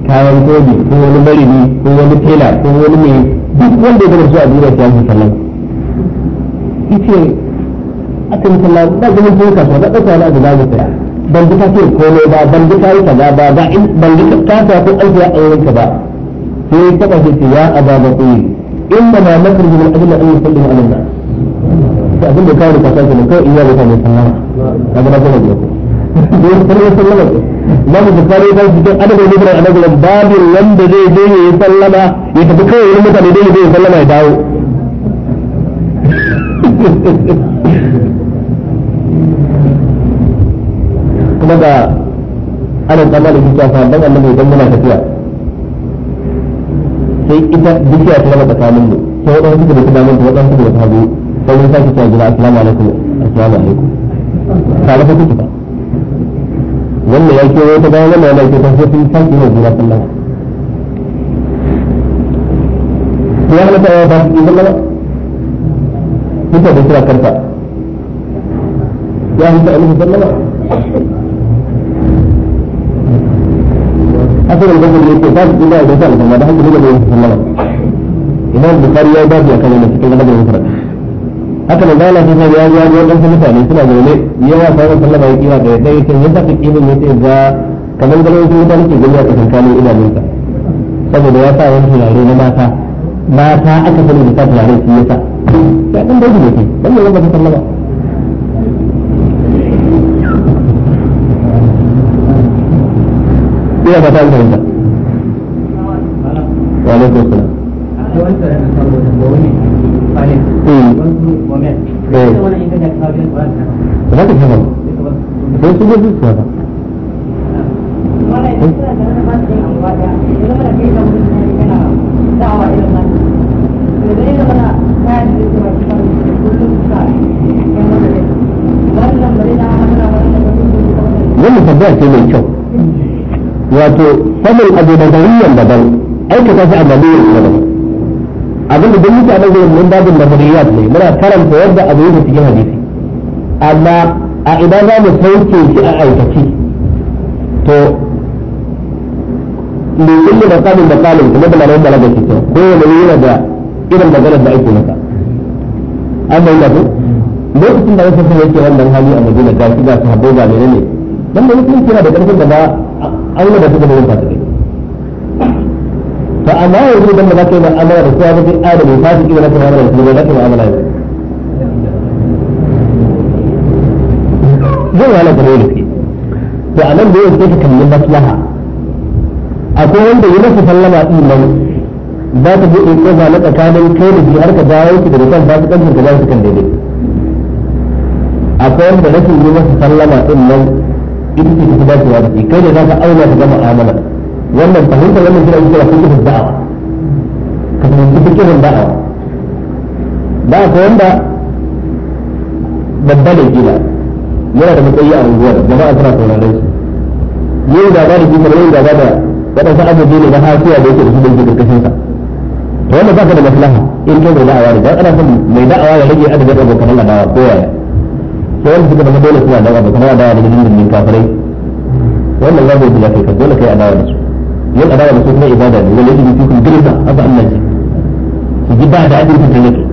kayan kobi ko wani marini ko wani tela ko wani mai duk wanda ya gama zuwa zuwa ta sallan yace aka yi sallan ba gama zuwa kasuwa ba ɗauka wani abu za mu saya ban ji kafin komai ba ban ji kayi kaza ba ba ban ji kafa ko alfiya a wurinka ba sai ya taɓa shi ya azaba ƙuri إنما نخرج من ya a nagulan babin wanda zai je ya yi sallama ya tafi kawai wani mutane sallama ya dawo. Kuma ga ana tsammanin kisa sa annabi idan muna tafiya sai ita dukiya ta raba tsakanin mu sai wadansu suka da damar da wadansu suka da hagu sai mun sake cewa jira assalamu alaikum assalamu alaikum tare da kuka wannan ya ke wata bayan wannan ya ke ta sai sun sake yin jira sallama ya halatta ya ba su sallama kuka da kira karta ya halatta ya sallama asar al ke ba su da da da da imam ya ba ya cikin haka da ya ya ya mutane suna zaune yawa sallama ya da dai yake yasa kike ya kamar da wasu mutane ke gani a saboda ya sa wani turare na mata mata aka sani da sa turare yasa ya da ne ke ba sallama ina ba ta fahimta wa alaikum salam wannan tambaya ce mai kyau wato samun abu da gariyan daban aikata shi a maliyan daban abinda duk mutane da yin babin da muriyat ne muna karanta yadda abu yake cikin hadisi amma a ina za mu sauke shi a aikaci to ne kullu da kalin da kalin kuma da malamin balaga ke ko wani yana da irin maganar da ake maka an bai ku lokacin da wasu sun yake wannan hali a madina ga shi ga sahabbai ga ne dan da mutum yana da karfin da ba auna da suka bayyana fasikai to amma yanzu idan ba za ka yi mu'amala da kowa ba sai adalin fasiki da za ka yi mu'amala da kuma za ka yi mu'amala da zai wahala da gaske to a nan da yau sai ka kalli maslaha akwai wanda yi masa sallama din nan za ka buɗe kofa na tsakanin kai da shi har ka dawo shi daga kan fasikancin ka za su kan daidai akwai wanda rashin yi masa sallama din nan ita ce ta dacewa da shi kai ne za ka auna ka gama amala wannan fahimta wannan kira kira fiqhul da'awa ka fahimci fiqhul da'awa ba ka wanda babba da gida yana da matsayi a unguwar jama'a suna sauraron shi yau da ba da gida yau da ba da waɗansu abubuwa ne na hasiya da yake da shi da yake karkashin sa to wannan baka da maslaha in kai mai da'awa ne dan ana son mai da'awa ya rage adadin abokan Allah da kowa sai wanda suka zama dole suna adawa da kuma adawa da gidin dindin kafirai wannan za mu yi kai dole kai adawa da su yin adawa da su kuma ibada ne wani yake bikin girma haka Allah ce ki ji ba da abin da yake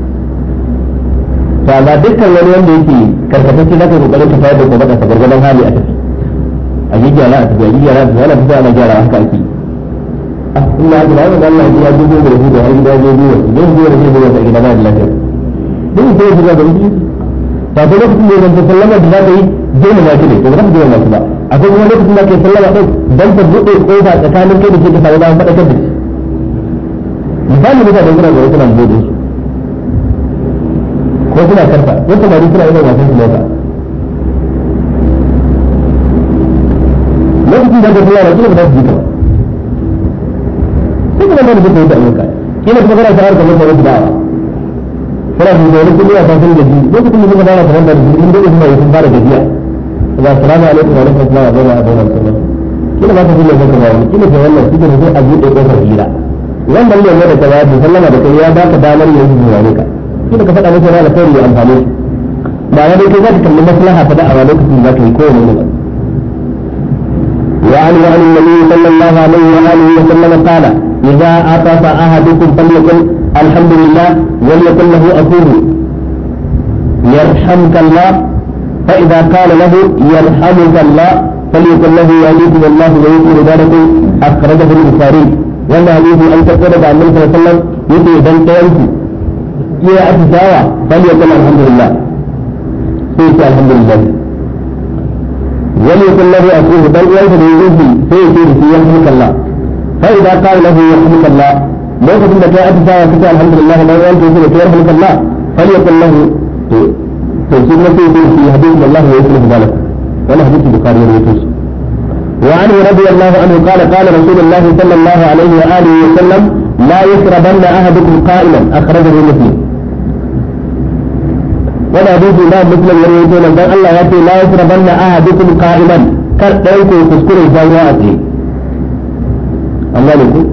to amma dukkan wani wanda yake karkatacce zaka kokarin ka fayar da kuma ka gargadan hali a tafi a yi gyara a tafi a yi gyara a tafi ana tafi ana gyara haka ake in ya gida Allah ya ji gobe da shi da har gida je biyu ne biyu da shi da gida ba da lafiya duk da yake da ba da lokacin da yanzu sallama da za ta yi dole ma kide ba za ta dole ma a akwai kuma lokacin da ke sallama din dan ta buɗe kofa tsakanin kai da ke ka samu zaman faɗakar da misali mutane suna zaune suna bude su ko suna karfa wata mari suna yi masu su lokacin da ka sallama kila ba za su ji ba kuma da ta yi da amurka kila kuma kana shahar kamar da wasu suna su zaune kuma ya san gaji lokacin da muka fara kamar da jiki mun dole kuma ya fara gajiya Allah salamu alaikum wa rahmatullahi wa barakatuh kina ba ta kula da wani kina ta wannan kike da a buɗe kofar hira wannan ne da kawai da sallama da kai ya baka damar yin zuwa ka kina ka faɗa masa da kai ya amfane shi ba wani kai za ka kalli maslaha ta da'awa lokacin da kai kowane ne وعن النبي صلى الله عليه وآله وسلم قال إذا عطف أحدكم فليقل الحمد لله وليكن له أخوه يرحمك الله فإذا قال له يرحمك الله فليكن له يعيك والله ويكون ذلك أخرجه البخاري وأن هذه أن تقول عن النبي صلى الله عليه وسلم يدعي بنت أنت يا أتساوى فليكن الحمد لله فيك الحمد لله وليكن له أخوه بل يعيك ويكون ذلك يرحمك الله فإذا قال له يرحمك الله ليس في kai atisawa kace الحمد لله ilaha illa في yarhamukallah falyakul lahu to to shi ne sai shi hadisi Allah ya yi balak wala hadisi رضي الله عنه قال قال رسول الله صلى الله عليه وآله وسلم لا يشربن أحدكم قائلا أخرجه مسلم ولا حديث لا مسلم يروي قال الله يقول لا يشربن أحدكم قائلا كالتوكل تذكر الزوجات الله يقول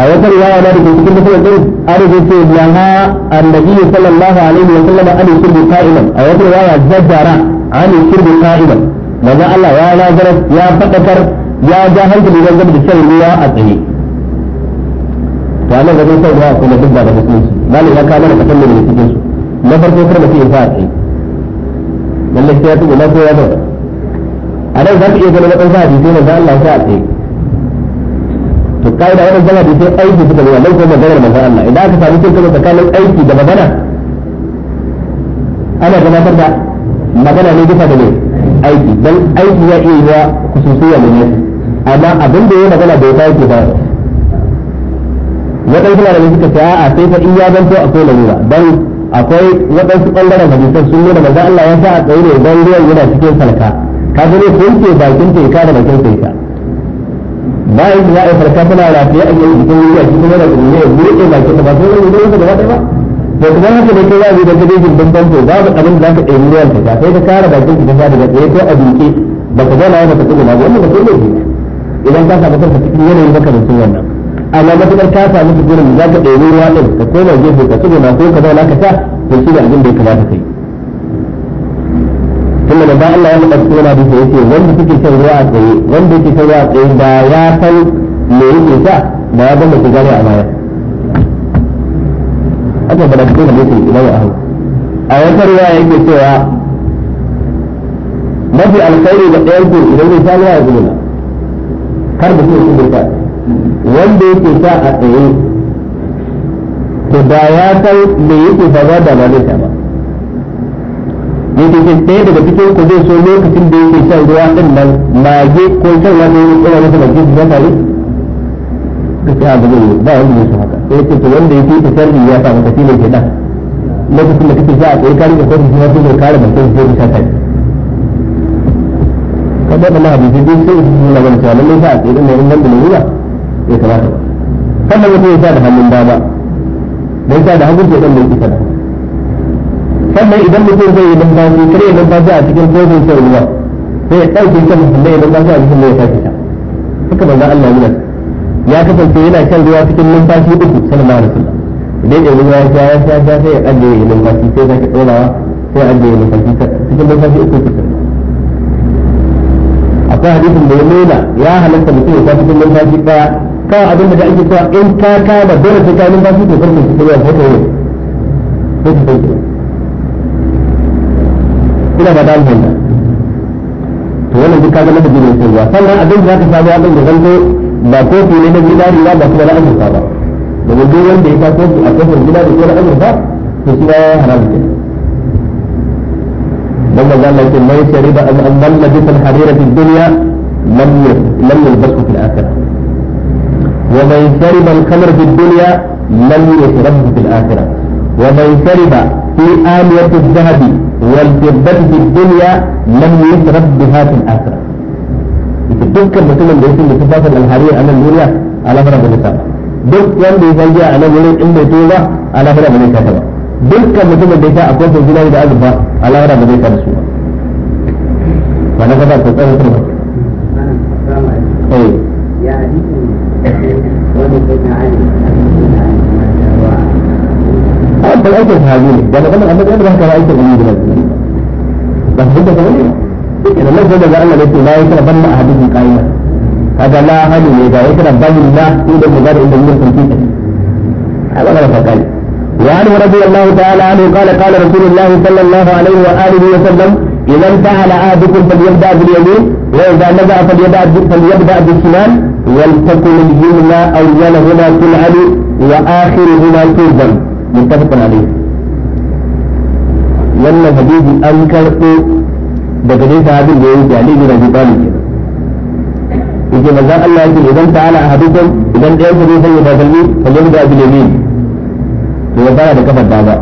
a wata riwaya da ke cikin mutum din arabi ce laha annabi sallallahu alaihi wa sallam an shirbi qa'iman a wata riwaya zajjara an shirbi qa'iman manzo Allah ya nazara ya ya ga hankali da gaba da shan ruwa a tsaye to Allah da sai ruwa ko da duk da musulunci ya kama da kafin da cikin su na farko kar mutum ya fa tsaye lalle sai ya tuba na ya a za iya ganin da a ka'ida wani zama da sai aiki suka zama nan kuma maganar manzon Allah idan aka samu kin kuma tsakanin aiki da magana ana gabatar da magana ne bisa da ne aiki dan aiki ya iya yiwa kususiya ne ne amma abin da ya magana bai ta yake ba waɗansu da suka ce a'a sai fa in ya zanto akwai lalura dan akwai waɗansu ɓangaren hadisan sun nuna manzon Allah ya sa a tsaye ne dan ruwan yana cikin salka ka gani ko yake bakin teka da bakin teka bayan da za a yi farka tana rafiya a yayin jikin wuya shi kuma da kuma ya buɗe ba ke sai wani da gaba ba da kuma haka da kai ya da to babu abin da zaka ɗaya miliyan ka sai ka bakin ka da daga tsaye ko a duke ba ka ba ka tsaye ba wannan ba sai ne idan ka samu cikin yanayin baka da wannan amma ka samu da zaka ɗaya ruwa din ka koma gefe ka tsaye na ko ka zauna ka sha to shi da abin da ya kamata kai kuma da bayan Allah ya faɗa cikin wani hadisi yake wanda suke shan ruwa a tsaye wanda yake shan ruwa a tsaye ba ya san me yake sa ba ya gama shiga ne a baya aka faɗa cikin wani hadisi idan ya hau a wata ruwa yake cewa mafi alkhairi da ɗayan ko idan ya sha ruwa ya gudula kar da kuma shi da wanda yake sa a tsaye to da ya san me yake faruwa da ba zai ba yake ɗaya daga cikin ku zai so lokacin da yake shan ruwa din na mage ko shan ruwa ne yana masa bakin da ta yi ka ce abu zai ba wanda ya haka sai ce to wanda yake ta sharri ya sa maka shine kenan lokacin da kake sha a kai kare ka kai shi wato zai kare bakin da ya sha kada da Allah bai ji sai shi ne ban ta lalle sa a kai da nan nan da ruwa ya kamata sannan wanda ya sha da hannun dama dan sha da hannun ke dan da yake kada sannan idan mutum zai yi numfashi kare ya numfashi a cikin kofin sai ruwa sai ya ɗauke kan sannan ya numfashi a cikin mai sake ta haka manzo Allah yana ya kasance yana shan ruwa cikin numfashi uku sallallahu alaihi wasallam idan ya ruwa ya sha ya sha ya sai ya ajiye ya numfashi sai sake ɗorawa sai ajiye ya numfashi cikin numfashi uku kusa akwai hadisin da ya nuna ya halatta mutum ya sha cikin numfashi ɗaya kawai abin da ake cewa in ka kama dole sai ka numfashi to farko su kuma ya fito ne suna ba damu hanta to wannan duk kaga lafazi ne sai sannan abin da zaka samu abin da zanto ba kofi ne na gida riga ba kuma na azurfa ba daga duk wanda ya kaso a kofin gida da kuma na azurfa to shi ya haram ke dan da Allah ya ce mai shariba an amalla bi fil harira fid dunya lam lam yalbasu fil akhirah wa man shariba al-khamra fid dunya lam yashrabhu fil akhirah ومن شرب في آلية الذهب والفضة في الدنيا لم يشرب بها في الآخرة dukkan mutumin da yake mutum fasal alhariyar a nan duniya a lafara ba zai ba duk wanda ya zai a nan wurin in bai tuba a lafara ba zai ba dukkan da ya a kofin da a ba zai su ba ba na ko ya hadisin ما بدأت تهاجم قال قال أنا بدأت أنا كرأيت من جلالة بس بدأت أقول لكن الله جل وعلا ليس لا يكره بنا أحد من قائمة هذا لا أحد من إذا يكره بنا الله إلى مدار إلى مدار تنفيذ هذا ما فقال وعن رضي الله تعالى عنه قال قال رسول الله صلى الله عليه وآله وسلم إذا فعل لعابكم فليبدأ باليمين وإذا نزع فليبدأ فليبدأ بالشمال ولتكن الجنه أولهما تلعب وآخرهما تلزم متفق عليه wannan hadisi an karɓo daga dai sahabin da yake Ali bin Abi Talib kenan yake manzo Allah yake idan ta'ala ahadukum idan ɗayan ku zai yi bazalmi kalli da abin yamin to ya fara da kafar dama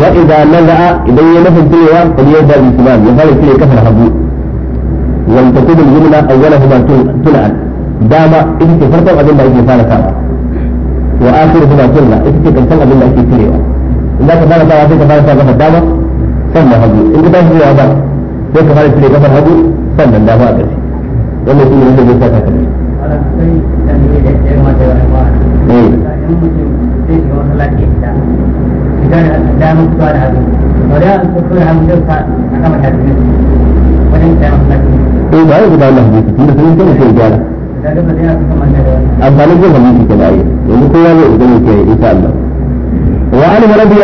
wa idza naza'a idan ya nufin cewa kalli yadda al-islam ya fara cire kafar hagu wal takubul yumna awwalahuma tul'an dama ita ce farkon abin da ake fara sawa wa akhiru huma kulla ita ce kan abin da ake cirewa in za ka fara sawa sai ka fara sa gafar dama sannan hagu in ka tashi cirewa ba sai ka fara cire gafar hagu sannan dama a ƙarshe wannan shi ne wanda zai sa ka kalli. Eh. Eh, ba ya gudanar da hadisi, tunda sun yi kyau sai gyara. وعن رضي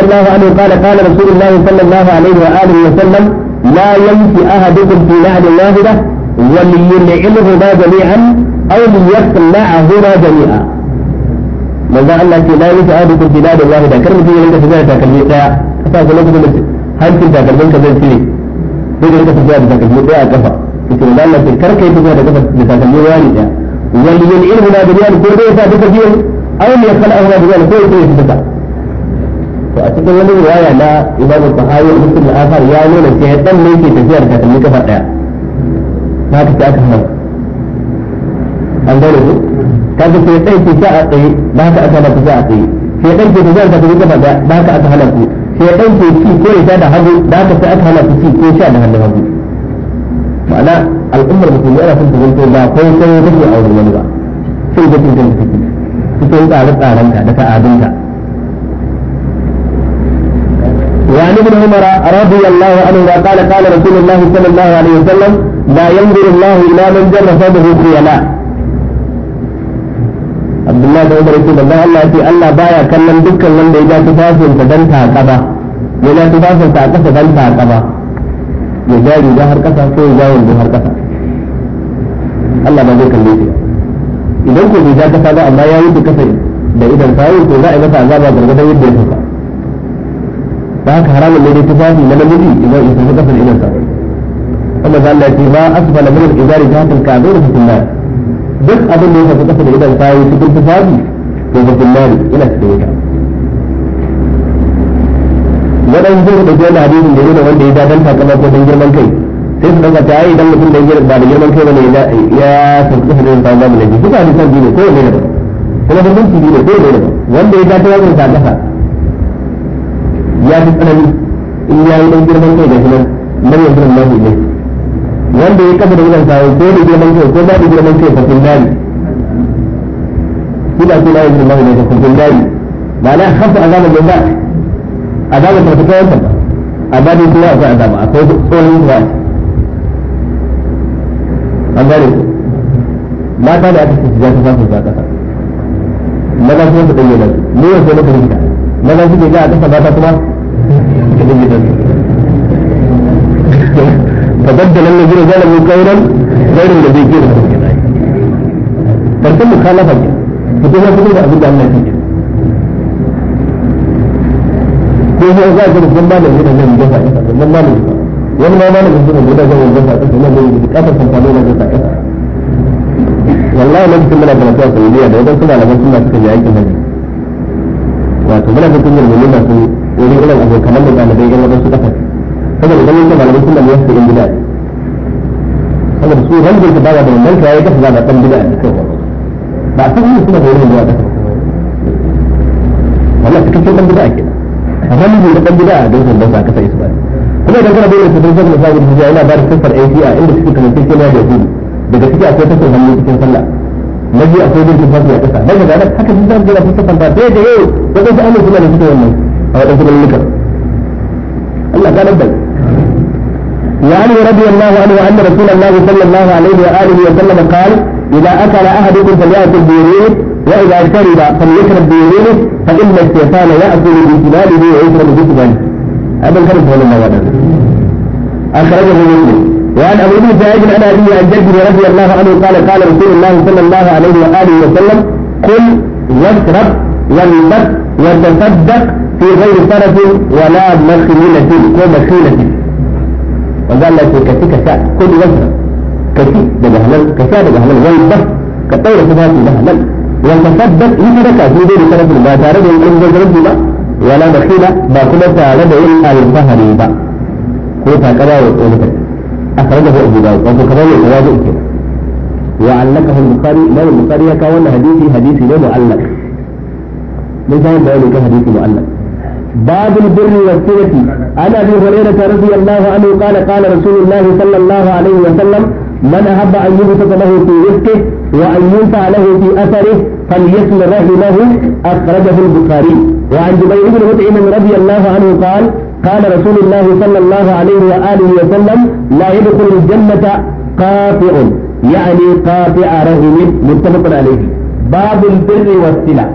الله عنه قال قال رسول الله صلى الله عليه وآله وسلم لا يمشي أحدكم في نعل واحدة ما جميعا أو ما جميعا من قال لك لا يمشي أحدكم في نعل واحدة كرم في ذلك في ذلك كلمة أتا قلوك من هل تنتا كرمان كذلك في ذلك في ذلك كلمة أكفى كتب الله لك كركي في ذلك كلمة أكفى يلي العلم بذلك كل ذلك كثير أو يخلقهما بذلك كل ذلك وأتيت من رواية لا إمام الطحاوي المسلم الآخر يا نون الشيطان ليس تسير كتم لك فتاة ما تتأكد an gane su kaga sai dai ke ta a tsaye ba ka aka mata ta a tsaye sai dai ke ta ta ku gaba da ba ka aka hana ku sai ke ci ko ya da hagu ba ka sai aka hana ci ko sha da hannu hagu ma'ana al'ummar musulmi ana son ta ba kai kai kake a wurin wani ba sai kake kan ciki cikin tsare-tsarenka da ta'adunka وعن ابن عمر رضي الله عنهما قال قال رسول الله صلى الله عليه وسلم لا ينظر الله الى من جر ثوبه خيلاء عبد الله بن عمر يقول الله الله ان الله بايا كلم دكا من إذا تفاصل فدنتها كبا إذا تفاصل تعقف فدنتها كبا ya ja riga har kasa ko ya ja wando har kasa Allah ba zai kalle shi idan ko bai ja kasa ba amma ya yi kasa da idan yi to za a yi masa azaba gargadar yadda ya saka ba haka haramun ne dai tufafi na namiji idan ya saka kasa da idan sawu kuma za Allah ya ce ma asfala min al-izari tahta al-kabir fi an duk abin da ya saka kasa da idan yi cikin tufafi to da kullari ina cikin wuta wadan zai da jona hadisin da nuna wanda ya dadanta kamar ko dan girman kai sai su daga ta idan mutum da girman ba da girman kai bane ya sauki ta babu laifi duka hadisan biyu ne ko ne daban da hukunci biyu ne ko ne wanda ya dace wajen sa kasa ya fi tsanani in ya yi dan girman kai da shi nan nan yanzu ne wanda ya kafa da wajen sa ko da girman kai ko ba da girman kai kila kila ba na hafa da ba azaba ta ta fi kawanta azaba ta akwai azaba akwai tsohon ba an gare mata da aka ce za ta samu za kasa maza kuma su ɗanye nasu ne yau sai na fahimta maza su ke ga a kasa mata kuma su ɗanye nasu فبدل الذين ظلموا قولا غير الذي قيل لهم. فانتم مخالفه. فتوها فتوها ابو الله ko ya za ka rubun malami da zai gasa ita malami wani ma malami da zai gasa zai gasa ita nan zai yi kafar kamfani na gasa ita wallahi da mutuwa saudiya da wadansu malaman suna suka yi aikin da su irin da ne su su da wannan ya kasa da ɗan bid'a da kai ba a yi suna da da ya kasa kenan amma miji da gida a gaban ban ka sai kuma idan kana bayyana sabbin sabbin sabbin hijira yana ba da kafar a inda suke kamar cikin da yahudi daga ciki akwai tafsir hannu cikin sallah na biyu akwai bin tufafi a kasa daga ga haka sun zama gina sun kasanta da yadda yau da kansu an mutu da suke wannan a waɗansu ɓannuka Allah ta nan bai رضي الله عنه أن رسول الله صلى الله عليه وآله وسلم قال إذا أكل أحدكم فليأكل بيمينه وإذا شرب فليشرب بيمينه فإن الشيطان يأكل بشماله ويشرب بشماله هذا الكلام هو المواد أخرجه مسلم وعن أبي موسى بن عن أبي عن رضي الله عنه قال قال رسول الله صلى الله عليه وآله وسلم كل واشرب والبس وتصدق في غير طرف ولا مخيلة ومخيلة وقال لك كتي كساء كل واشرب كتي بجهلل كساء بجهلل والبس كطير صفات بجهلل وتثبت إن ركع في دون سلف ما تارد إن جزر بما ولا بخيلة ما كما تارد إن الفهر با هو تكبا لك أخرجه أبو داود وهو كبا وتواضع كده وعلقه البخاري لا البخاري كون حديثي حديثي لا معلق ليس هو بيان معلق باب البر والصلة عن ابي هريرة رضي الله عنه قال قال رسول الله صلى الله عليه وسلم من احب ان يبسط له في رزقه وان ينفع له في اثره فليصل رحمه أخرجه البخاري وعن جبير بن مطعم رضي الله عنه قال قال رسول الله صلى الله عليه وآله وسلم لا يدخل الجنة قاطع يعني قاطع رحم متفق عليه باب البر والصلة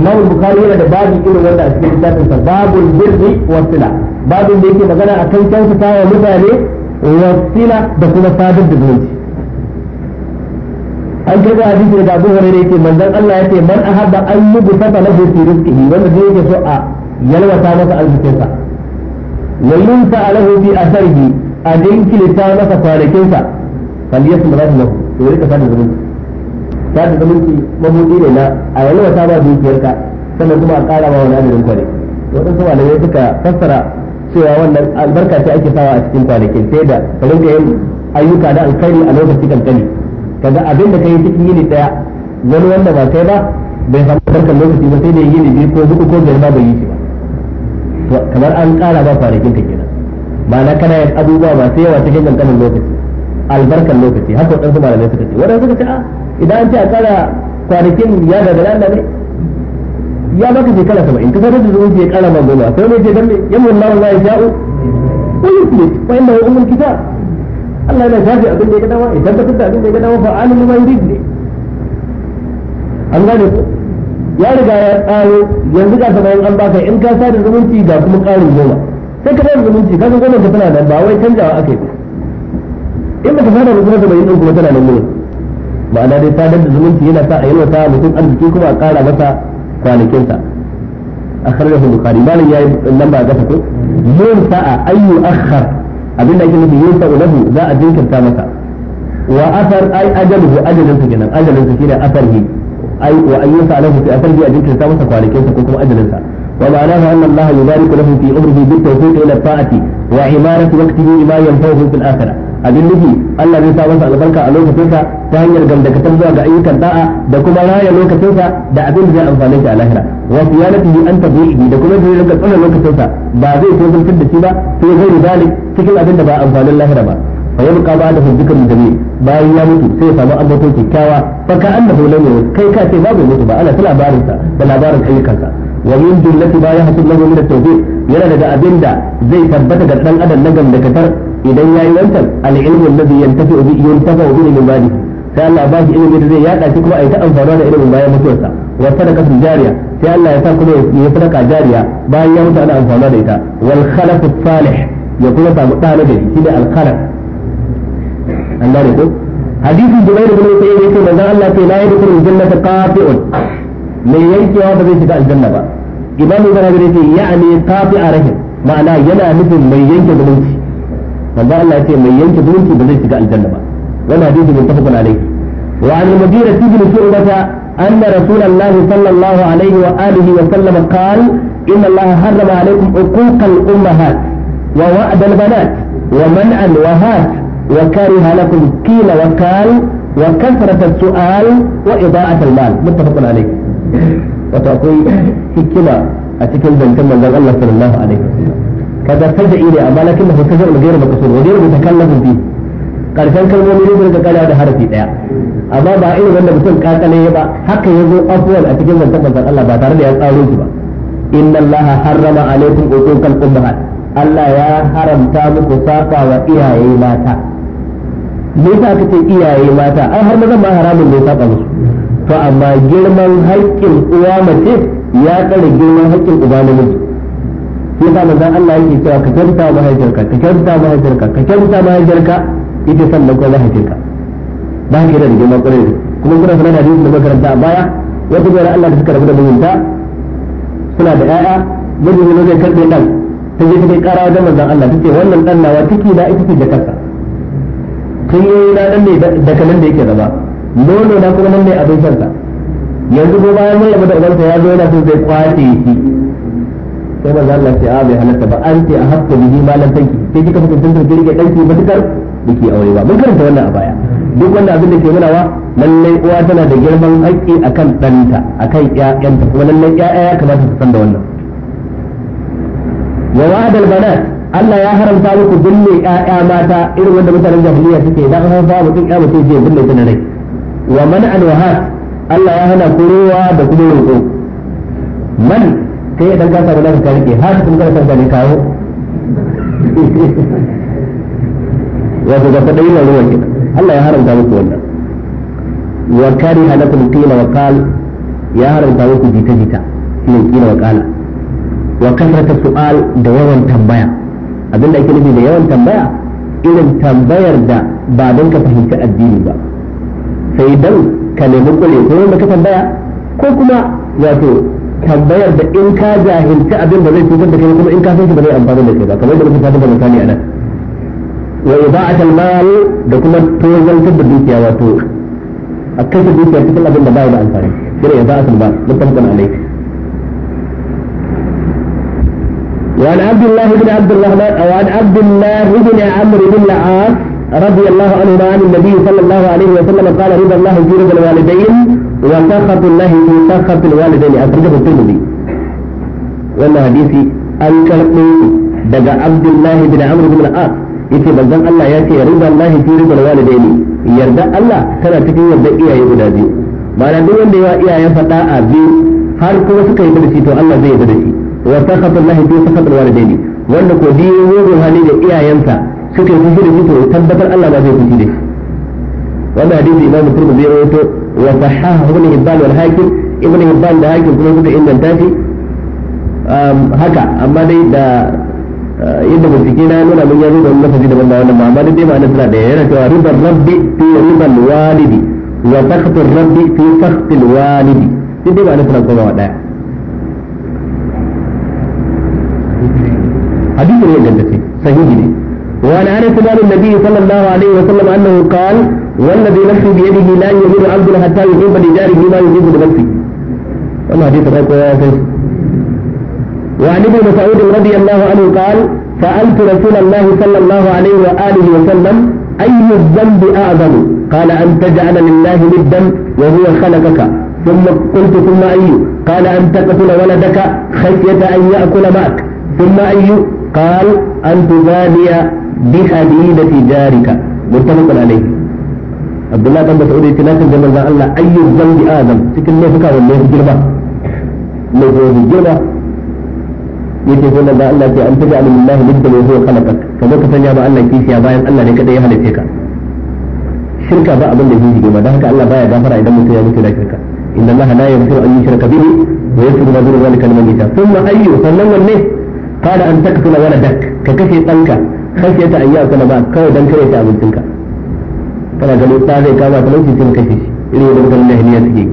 imamu bukari باب البر babu باب البر a باب البر sa babu birri wasila babu da yake magana akan kyautata wa mutane wasila da kuma sadar da zuci an karɓi hadisi daga Abu Hurairah yake manzon Allah yake man ahabba an yubta lahu fi rizqihi wanda zai yake so a yalwata masa arzikinsa wa ta lahu fi asarihi a dinkilta masa kwanakinsa falyasmur lahu to rika ta zumunci sada zumunci mabudi ne na a yalwata ba dukiyarka sannan kuma a ƙara ma wani adadin kwane su malamai suka fassara cewa wannan albarka ce ake sawa a cikin kwanakin sai da ka rinka yin ayyuka da alkhairi a lokaci kankani kaga abin da kai duk yini daya wani wanda ba kai ba bai samu barkar lokaci ba sai da yini biyu ko hudu ko biyar ba bai yi shi ba to kamar an kara ba farakin ka kenan ma'ana kana yin abubuwa ba sai yawa cikin kanin lokaci albarkar lokaci haka ba malamai suka ce waɗansu suka ce a idan an ce a kara kwanakin ya daga Allah ne ya baka shekara saba'in ka sadar da zuwa ya kara ma goma sai ne ce dan ne yamma Allah ya sha'u wa yusli wa inda ya umar kitab Allah yana shafi abin da ya gada wa idan ka da abin da ya gada wa fa alimu ma yurid ne an gane ko ya riga ya tsaro yanzu ga sabayin an baka in ka da zumunci ga kuma karin goma sai ka sada zumunci ka goma ka tana nan ba wai canjawa aka yi in ba ka sada da kuma sabayin din kuma tana nan ne ma'ana dai sadar da zumunci yana sa a yi wata mutum arziki kuma a kara masa kwanakinsa أخرجه البخاري ما ta لما قفته sa'a ayyu akhar abin da ake nufi yusa ulahu za a jinkirta masa wa asar ai ajaluhu ajalin sa kenan ajalin sa shine asarhi ai wa ayyusa alahu fi asarhi a jinkirta masa kwanakin sa ko kuma ajalin sa wa ma'anahu anna Allah yubariku lahu fi umrihi ila ta'ati wa imarati waqtihi ma yanfa'uhu fil akhirah abin nufi Allah zai sa masa albarka a lokacinsa ta hanyar gamdakatar zuwa ga ayyukan da'a da kuma raya lokacinsa da abin da zai amfane shi a lahira wa siyanatihi an tabi'i da kuma zai rinka lokacin lokacinsa ba zai tozantar da shi ba sai zai zalik cikin abin da ba amfanin lahira ba fa yabqa ba'da dhikrul jami bayan ya mutu sai ya samu ambato kyakkyawa fa ka annahu lam yamut kai ka ce babu mutu ba ana ta labarin sa da labarin ayyukansa wa min jumlati ba yahsul lahu min at-tawfiq yana daga da zai tabbata ga dan adam na dakatar. idan yayi wancan al-ilmu alladhi yantafi'u bi yantafi'u bihi min ba'di sai Allah ba shi ilimi da zai yada shi kuma a yi ta amfana da ilimin bayan mutuwarsa wa sadaqatu jariya sai Allah ya sa kuma ya sadaka jariya bayan ya mutu ana amfana da ita wal khalaqu salih ya kuma samu da na gari shi ne al-khalaq an gane ko hadisi Jubair bin Sayyid yake manzon Allah sai la yadkhulu al-jannata qati'un mai yankewa ba zai shiga aljanna ba imamu zarabi ne ya'ani qati'a rahim ma'ana yana nufin mai yanke zumunci فالله الله يقول من ينك دونك بذلك تقال الجنة ما وما حديث متفق عليه وعن المديرة تجل شعبة أن رسول الله صلى الله عليه وآله وسلم قال إن الله حرم عليكم عقوق الأمهات ووعد البنات ومنع الوهات وكاره لكم قيل وقال وكثرة السؤال وإضاءة المال متفق عليه وتعطي حكمة أتكلم من الله صلى الله عليه وسلم kaga tajiri amma lakin da hukka da gairu makasur wa gairu mutakallafu bi karshen kalmomi ne da kalawa da harafi daya amma ba irin wanda mutum kakale ba haka yazo afwal a cikin zantar manzon Allah ba tare da ya tsaro shi ba inna Allah harrama alaikum uquqal ummahat Allah ya haramta muku saka wa iyaye mata me yasa kace iyaye mata ai har mazan ma haramun ne saka musu to amma girman haƙƙin uwa mace ya tsare girman haƙƙin uba namiji shi yasa manzon Allah yake cewa ka kyauta mahaifiyarka ka kyauta mahaifiyarka ka kyauta mahaifiyarka ita san da ko mahaifiyarka ba ka da rigima kwarai da kuma kuna sanar da hadisin da makaranta a baya wata bayar Allah da suka rabu da mijinta suna da ƴaƴa mijin ne zai karɓe ɗan ta je ta kai ƙara wajen manzon Allah ta ce wannan ɗan nawa ciki na ita ce da kansa tun yi na ɗan ne da nan da yake zama nono na kuma nan ne abin shansa yanzu ko bayan mai abu da ubansa ya zo yana so zai kwace shi sai manzo Allah ce a bai halatta ba an ce a hafta bihi malan tanki sai kika fitin tantar ki rike danki matukar biki aure ba mun karanta wannan a baya duk wanda abin da ke nuna wa lallai uwa tana da girman haƙƙi akan ɗanta akan ƴaƴanta kuma lallai ƴaƴa ya kamata su san da wannan wa wa'adal banat Allah ya haramta muku binne ƴaƴa mata irin wanda mutanen jahiliya suke idan an haifa mutum ƴa mutum je binne ta na rai wa man an Allah ya hana kurowa da kuma roƙo man Ka kai idan ka samu naka ka rike har sun gara kanka ne kawo wato ga yi na ruwan kenan Allah ya haramta muku wannan wa kariha lakum qila wa qal ya haramta muku jita jita ne qila wa qala wa kasrata su'al da yawan tambaya abinda ake nufi da yawan tambaya irin tambayar da ba don ka fahimci addini ba sai dan ka nemi kule ko ka tambaya ko kuma wato tambayar da in ka jahilci abin da zai cutar da kai kuma in ka san shi ba zai amfana da kai ba kamar da muka tafi da mutane a nan wa iba'at al da kuma tozantar da dukiya wato a da dukiya cikin abin da ba da amfani shine iba'at al-mal mutafaqan alayhi وعن عبد الله بن عبد الرحمن او عبد الله بن عمرو بن العاص رضي الله عنهما عن النبي صلى الله عليه وسلم قال رضا الله في رضا الوالدين وسخط الله في سخط الوالدين أخرجه الترمذي وأن حديثي أنكرت دجا عبد الله بن عمرو بن العاص يتي بزن الله ياتي رضا الله في رضا الوالدين يرضى الله كما تكون يرضى إياه يقول هذه ما لدي وان دواء إياه فتاة أبي هل كو سكي بدسي تو الله زي بدسي وسخط الله في سخط الوالدين وأن كو دي وغو هني دي إياه ينسى سكي فيه رضي تو الله ما زي بدسي دي وأن حديثي إمام الترمذي رضي وصححه ابن هبال والهاجر ابن هبال والهاجر كما قلت ان الدافي هكا اما دي دا آه، يد مسكينا نونا من يدود ان نفسي دا بالله دي ما نسرع دي هنا شوى رضا الرب في رضا الوالد وسخط الرب في سخط الوالد دي ما نسرع كما وانا حديث الوالد صحيح دي وعن انس بن النبي صلى الله عليه وسلم انه قال والذي نفسي بيده لا يؤمن عبد حتى يقوم لجاره بما يحب لنفسه وما حديث شيخ وعن ابن مسعود رضي الله عنه قال سألت رسول الله صلى الله عليه وآله وسلم أي الذنب أعظم قال أن تجعل لله ندا وهو خلقك ثم قلت ثم أي قال أن تقتل ولدك خشية أن يأكل معك ثم أي قال أن تبالي بحديدة جارك متفق عليه abdullahi dan mas'ud ya tilaka da manzon Allah ayyu zambi adam cikin laifuka wanda ya girma laifuka ya girma yake ko da Allah ya an taja alillahi lidda da huwa khalaqak kaza ka sanya ba Allah kishiya bayan Allah ne kada ya halice ka shirka ba abin da yake girma dan haka Allah baya gafara idan mutum ya mutu da shirka inna Allah la yaghfiru an yushraka bihi wa yaghfiru ma duna zalika liman yasha thumma ayyu sannan wanne kada an takfula waladak ka kashe danka khashiyata an ya'kula ba kawai dan kare ta abincinka kana ganin ta zai kama talauci sai kashe shi irin yadda mutanen jahiliya suke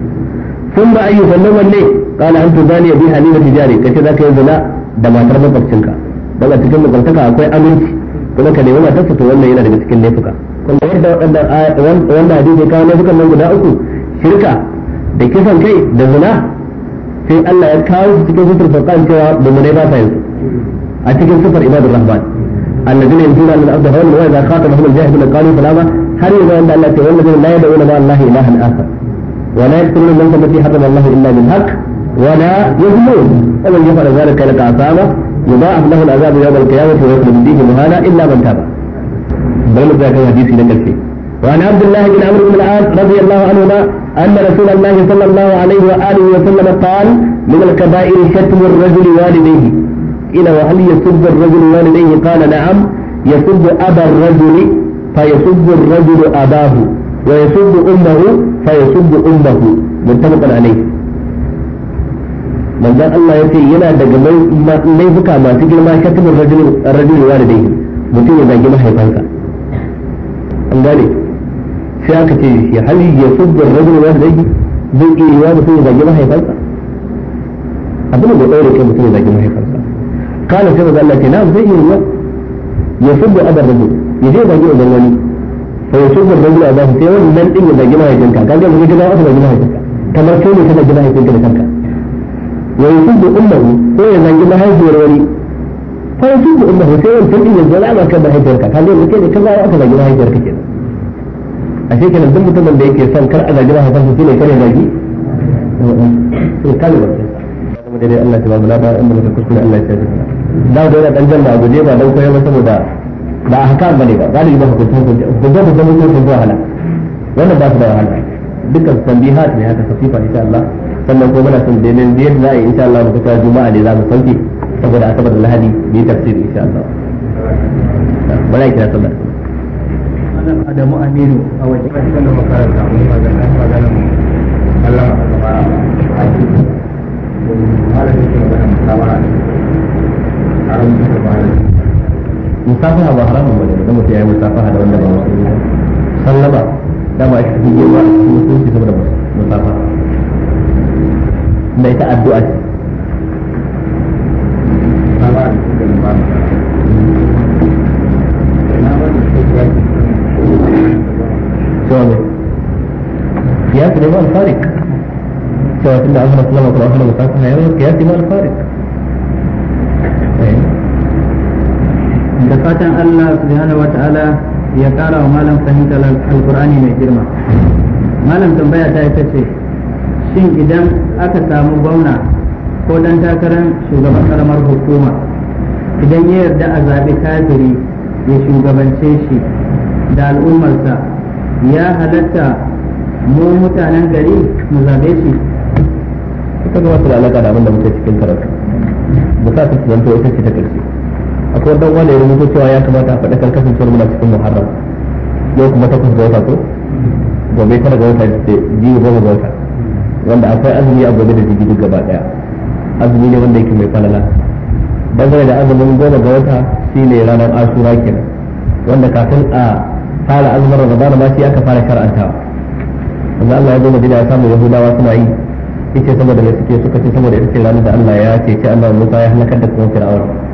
sun ba ayyu sannan wanne kana an tuzani bi halima tijari kace zaka yi zina da matar makwabcinka dan a cikin makwabtaka akwai aminci kuma ka nemi matarsa to wannan yana daga cikin laifuka kuma yadda waɗannan wanda hadisi ya kawo laifukan nan guda uku shirka da kisan kai da zina sai Allah ya kawo su cikin sufur furqan cewa ne ba sa yin a cikin sufur ibadur rahman alladhina yamshuna ala al-ardi hawlan wa idha khatabahum al-jahiluna qalu salama هل yanzu wanda Allah لا يدعون la yad'una ma Allah ilahan akhar wa la yaqtuluna man sabati harrama Allah illa bil haqq wa la yuzlimun Allah يضاعف له العذاب يوم القيامة ويخلد فيه مهانا إلا من تاب. بل ذاك الحديث لك الشيء. وعن عبد الله بن عمرو بن العاص رضي الله عنهما أن رسول الله صلى الله عليه وآله وسلم قال من الكبائر شتم الرجل والديه إلى وهل يسب الرجل والديه قال نعم يسب أبا الرجل فيسب الرجل أباه ويسب أمه فيسب أمه متفق عليه من قال الله يسير ينا دقم ليفكا ما تجل ما يكتب الرجل الرجل والديه متين يبقى جمع حيبانك عن ذلك سياك تجيسي هل يسب الرجل والديه بل إيه والديه يبقى جمع حيبانك أبنى بقوله كم متين يبقى جمع حيبانك قال سيدة الله تنام زي الله يسب أبا الرجل ya je zagi wajen wani sai ya shukar da wula ba sai wani nan din ya zagi mahaifinka ka ga mutum aka zagi mahaifinka kamar kai ne kana gina mahaifinka da kanka wa yusubu ummahu ko ya zagi mahaifiyar wani fa yusubu ummahu sai wani tun ya zalama kan mahaifiyarka ka ga mutum ne kaza aka zagi mahaifiyarka kenan ashe kenan duk mutumin da yake son kar a zagi mahaifinsa shine kare zagi to dai Allah ta ba mu labarin da muka Allah ta tafi da da dan janna a guje ba dan koyar saboda ba a haka bane ba galibi ba hukunta hukunta hukunta hukunta ba wahala wannan ba su da wahala dukkan tambihat ne haka safifa insha Allah sannan ko muna son daidai biyar za a yi insha Allah mu ta juma'a ne za mu sauke saboda asabar da lahadi bi tafsir insha Allah bala na kira sallah Adamu Aminu a wajen kashin da makaranta mun magana magana Allah ba a ci malamin ke magana musamman a da ba musafaha ba haramun ba da mutum ya yi musafaha da wanda ba musulmi ba sallama dama ita take yi ba cikin musulunci saboda musafaha da ita addu'a ce قياس الإمام الفارق سواء كنا أهل السلام أو قياس الإمام الفارق da fatan Allah subhanahu wata'ala ya kara wa malam fahimtar alkur'ani mai girma malam tambaya ta ita ce shin idan aka samu gwamna ko dan takarar shugaban karamar hukuma idan ya yarda a zaɓi kafiri ya shugabance shi da al'ummarsa ya halatta mu mutanen gari mu zaɓe shi ita ga wasu da alaƙa da abin da muke cikin karatu ba sa ta zanto ita ce ta karshe ko dan wani ya rubuta cewa ya kamata a faɗakar kasancewar muna cikin muharram yau kuma takwas ga wata ko gobe tara ga wata ce eh, biyu goma ga wata wanda akwai azumi a gobe da jiki duk gaba daya azumi ne wanda yake mai falala dangane da azumin goma ga wata ne ranar asura kenan wanda kafin a fara azumin ramadan ma shi aka fara karanta wanda Allah ya zo madina ya samu yahudawa suna yi ita saboda mai suke suka ce saboda ita ce ranar da Allah ya ce ce Allah Musa ya halakar da kuma fir'auna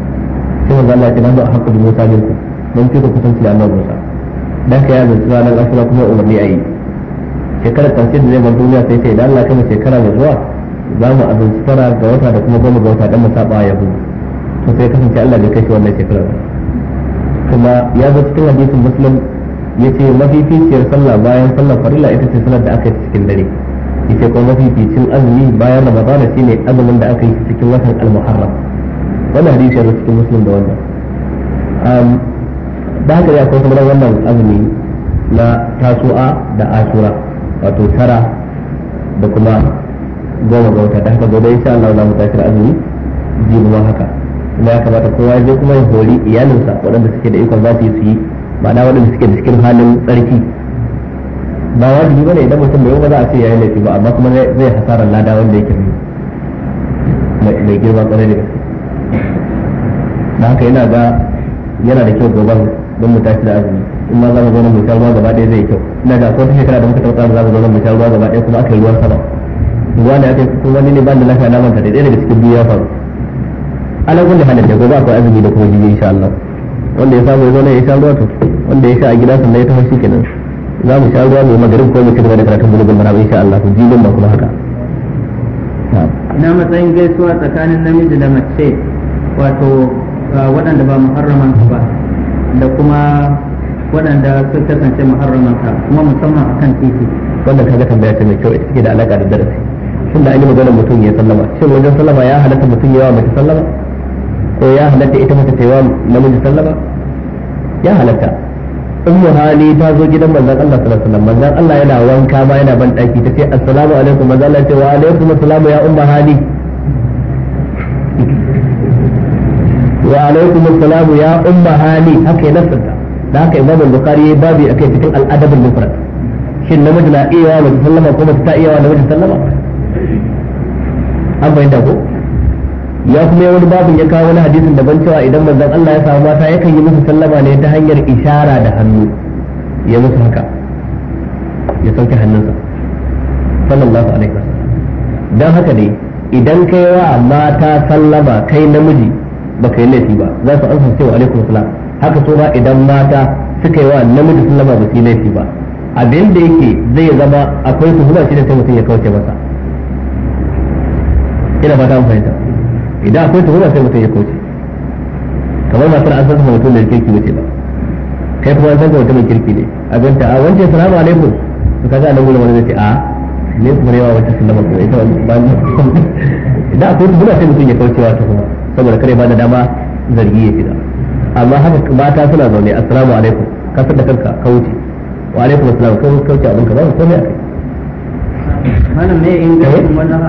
sai manzo Allah ya tana da hakku da Musa ne don ce ku kusanci da Allah Musa dan ka ya zanci ranar asura kuma umarni ayi shekarar karshe da zai bar duniya sai ta idan Allah kama shekara mai zuwa za mu azanci tara ga wata da kuma goma ga wata dan mu saba yahudu to sai kasance Allah bai kai shi wannan shekarar kuma ya zo cikin hadisin muslim yace mafificiyar sallah bayan sallar farilla ita ce sallar da aka yi cikin dare yace kuma mafificin azumi bayan ramadana shine azumin da aka yi cikin watan al-muharram wannan hadisi ya cikin muslim da wannan da haka ya kawo kuma wannan azumi na tasu'a da asura wato tara da kuma goma ga wata da haka gobe insha Allah za mu tafi azumi jibi ma haka kuma ya kamata kowa je kuma ya hori iyalinsa waɗanda suke da ikon za su yi su yi ma'ana waɗanda suke da cikin halin tsarki ba wajibi bane idan mutum bai ba za a ce yayin laifi ba amma kuma zai hasarar lada wanda yake mai girma kwarai da gaske da haka yana ga yana da kyau gaban don mu tashi da azumi in ma za mu zauna mu sha ruwa gaba ɗaya zai kyau ina ga akwai shekara da muka taɓa za mu zauna mu sha ruwa gaba ɗaya kuma aka yi ruwan sama ruwa da aka kuma wani ne ba da lafiya na manta da ɗaya daga cikin biyu ya faru ala kulli halin da gaba akwai azumi da kuma jibi insha Allah wanda ya samu ya zauna ya sha ruwa to wanda ya sha a gida sannan ya tafi shi kenan za mu sha ruwa mu magarib ko mu ci gaba da karatun bulugul mana insha Allah to jibin ba kuma haka ina matsayin gaisuwa tsakanin namiji da mace wato waɗanda ba muharraman ba da kuma waɗanda su kasance muharraman ka kuma musamman akan titi wannan kaga tambaya ce mai kyau ita take da alaka da darasi tunda an yi magana mutum ya sallama shin wajen sallama ya halatta mutum ya yawa mai sallama ko ya halatta ita mata ta yawa namiji sallama ya halatta ummu hali ta zo gidan manzon Allah sallallahu alaihi wasallam manzon Allah yana wanka ba yana ban daki tace assalamu alaikum manzon Allah ya ce wa alaikum assalam ya ummu hali wa alaikum assalam ya umma hali haka ya nasarta da haka imam al-bukhari ya babi akai cikin al-adab al-mufrad shin namiji na iya wa sallama ko mace ta iya wa namiji sallama an bayyana ko ya kuma wani babin ya kawo wani hadisin daban cewa idan manzon Allah ya samu mata yakan yi musu sallama ne ta hanyar ishara da hannu ya musu haka ya sauke hannunsa sallallahu alaihi wasallam dan haka ne idan kai wa mata sallama kai namiji baka yi laifi ba za su amsa cewa alaikum salam haka so ba idan mata suka yi wa namiji sallama ba su yi laifi ba abin da yake zai zama akwai su zuba shi da sai mutum ya kauce masa ina fata an fahimta idan akwai su zuba sai mutum ya kauce kamar matar an san su mutum da kirki wuce ba kai kuma an san mutum da kirki ne abin ta a wancan salamu alaikum to kaga a nan gudu wani zai a ne kuma yawa wancan sallama ba ita ba idan akwai su zuba sai mutum ya kauce wa ta kuma saboda kare ba da dama zargi ya shiga amma haka mata suna zaune assalamu alaikum ka da kanka ka wuce wa alaikum assalam ka wuce abin ka ba komai akai malam ne in ga wannan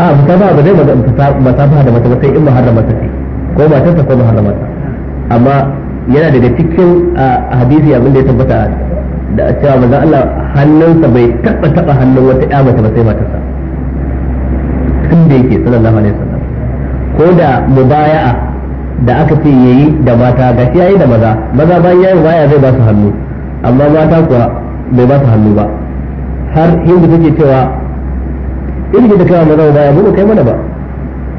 a ba ba ba zai ba ba ta da mata ba sai in muharrama ta ko ba ta ko muharrama ta amma yana daga cikin hadisi abin da ya tabbata da cewa manzo Allah hannunsa bai taba taba hannun wata ƴa mace ba sai matarsa tun da yake sallallahu alaihi wasallam ko da mubaya'a da aka ce yayi da mata gashi yayi da maza maza bayan yayi baya zai ba su hannu amma mata kuwa bai ba su hannu ba har hindu take cewa ilimi da kai maza baya mu kai mana ba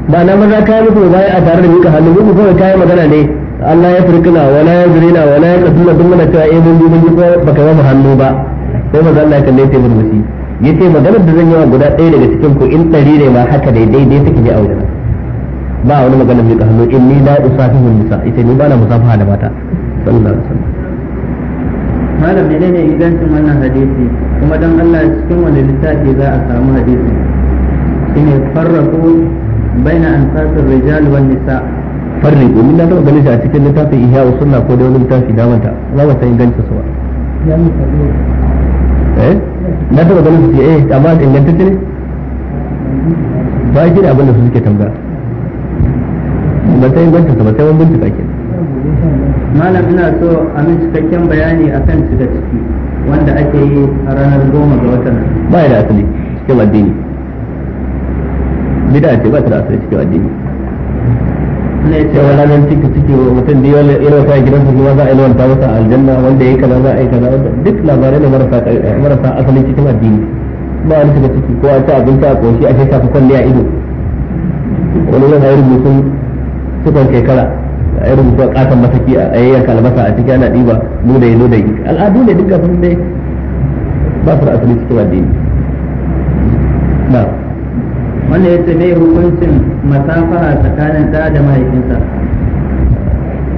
ba na maza kai musu baya a tare da muka hannu mu kawai kai magana ne Allah ya firkina wala ya zurina wala ya kasuna duk mana cewa eh mun bi mun bi ko ba mu hannu ba sai maza Allah ya kalle ta murmushi yace maganar da zan yi wa guda ɗaya daga cikin ku in ɗari ne ma haka daidai dai take je aure ba wani maganar mai hannu in ni la usafihu nisa ita ni ba na musafaha da mata sallallahu alaihi wasallam malam menene ingancin wannan hadisi kuma dan Allah cikin wani littafi za a samu hadisi shine farraqu baina ansasir rijal wan nisa farriqu min da ga a cikin littafin ihya wa sunna ko da wani littafi da manta za mu san ingancin su ba eh na taba ganin su eh amma ingantacce ne ba shi da abin da su suke tambaya ba sai inganta sa ba sai ke malam ina so a min cikakken bayani akan shiga ciki wanda ake yi a ranar goma ga watan ba ya da asali cikin addini bid'a ce ba ta da asali cikin addini ne ce wa ranar ciki ciki mutum da yawan irin sa gidan su za a yi lawanta wata aljanna wanda ya yi kaza za a yi kaza duk labarai ne eh, marasa asali cikin addini ba wani shiga ciki ko a ci abinci a koshi a shi shafi kwalliya ido wani zai rubutu sukan kai kara a irin mutuwa katon masaki a yayyanka albasa a cikin ana ɗiba nuna yi nuna yi al'adu ne duk gasu ne ba su da asali cikin addini na wanda ya ce mai hukuncin masafara tsakanin da da mahaifinsa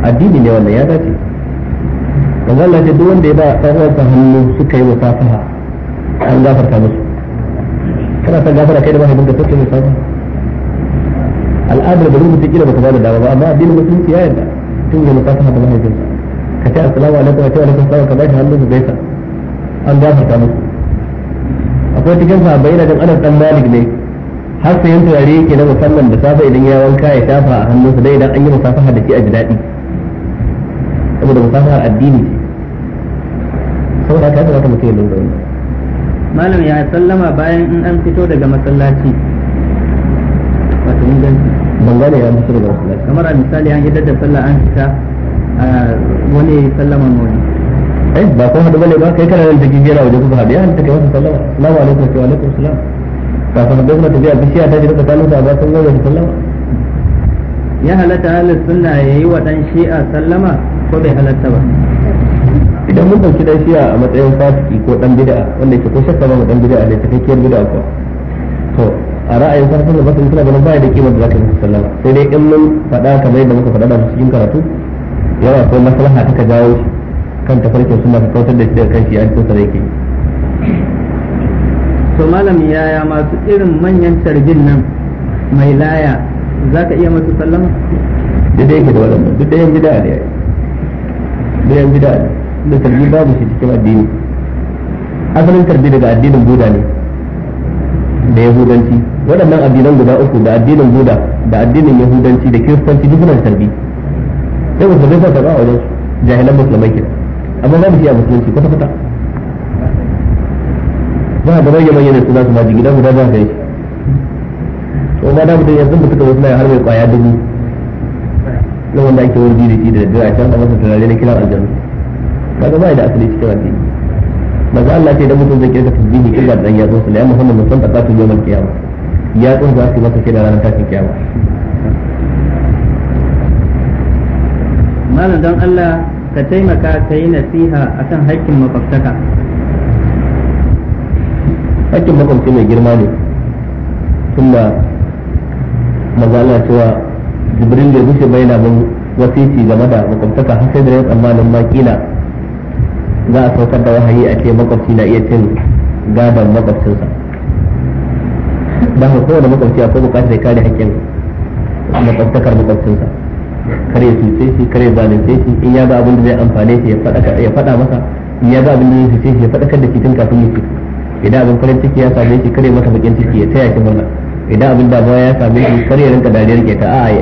addini ne wannan ya dace manzo Allah ce duk wanda ya ba ɗan'uwansa hannu suka yi musafaha an gafarta musu kana son gafara kai da mahaifinka suka yi musafaha al'adar da rubuta kila baka bada dawa ba amma addinin musulunci ya yarda tun ya musafa da mahaifinsa ka ce assalamu alaikum wa alaikum salam ka bashi hannu su gaisa an gafarta musu akwai cikin sahabbai yana jin anas dan malik ne har sayan turare yake na musamman da safe idan ya wanka ya shafa a hannunsa dai idan an yi musafaha da shi a ji daɗi saboda musafahar addini ce saboda haka ya kamata mutum ya lura malam ya sallama bayan in an fito daga masallaci fi inganci ban ya mutu daga wasu kamar a misali an da sallah an fita wani sallama wani eh ba ko hadu bane ba kai kana take waje hadu ya hanta kai masa sallama assalamu alaikum wa alaikum assalam da kuma tafiya bishiya ta jira ba da sallama ya halatta halin sunna yayi wa dan shi'a sallama ko bai halatta ba idan mun dauki dan shi'a a matsayin fasiki ko dan bid'a wanda yake ko shakka ba dan bid'a ne takakkiyar bid'a ko to a ra'ayin sarki da basu su suna ganin baya da kima da zaka yi sallama sai dai in mun faɗa kamar yadda muka faɗa da su cikin karatu yawa ko maslaha ta jawo shi kan tafarkin suna ka kautar da shi daga kanshi shi an kusa da yake to malam yaya masu irin manyan tarjin nan mai laya za ka iya masu sallama duk da yake da waɗannan duk da yan bida ne duk yan bida ne da tarbi babu shi cikin addini asalin tarbi daga addinin buda ne da yahudanci waɗannan addinan guda uku da addinin buda da addinin yahudanci da kiristanci duk suna tarbi sai ku sabai sa a wajen jahilan musulmai ke amma za mu a musulunci kwata kwata za a gaba yaman yana suna su ma jigida guda za ka yi to ma da mutum yanzu mutum wasu na har mai kwaya dubu na wanda ake wani da shi da daddare a can a masa turare na kiran aljanu kaga ba da asali cikin addini maza Allah ce da mutum zai kirga tasbihi da dan yatsun su la ya muhammad musan da kafin yawmal qiyama yatsun za su masa kira ranar tashin kiyama malam dan Allah ka taimaka ka yi nasiha akan haƙƙin makwabtaka haƙƙin makwabci mai girma ne tunda maza Allah cewa jibril bai gushe bai na mun wasiti game da makwabtaka har sai da ya tsammanin makina. za a saukar da wahayi a ce makwabci na iya cin gadon makwabcinsa ba ka kowane makwabci akwai bukatar ya kare na makwabtakar makwabcinsa kare ce shi kare zalunce shi in ya ga abin da zai amfane shi ya faɗa masa in ya ga abin da zai ce shi ya faɗakar da shi tun kafin ya cuce idan abin farin ciki ya same shi kare masa bakin ciki ya taya shi murna idan abin damuwa ya same shi kare rinka dariyar keta a'a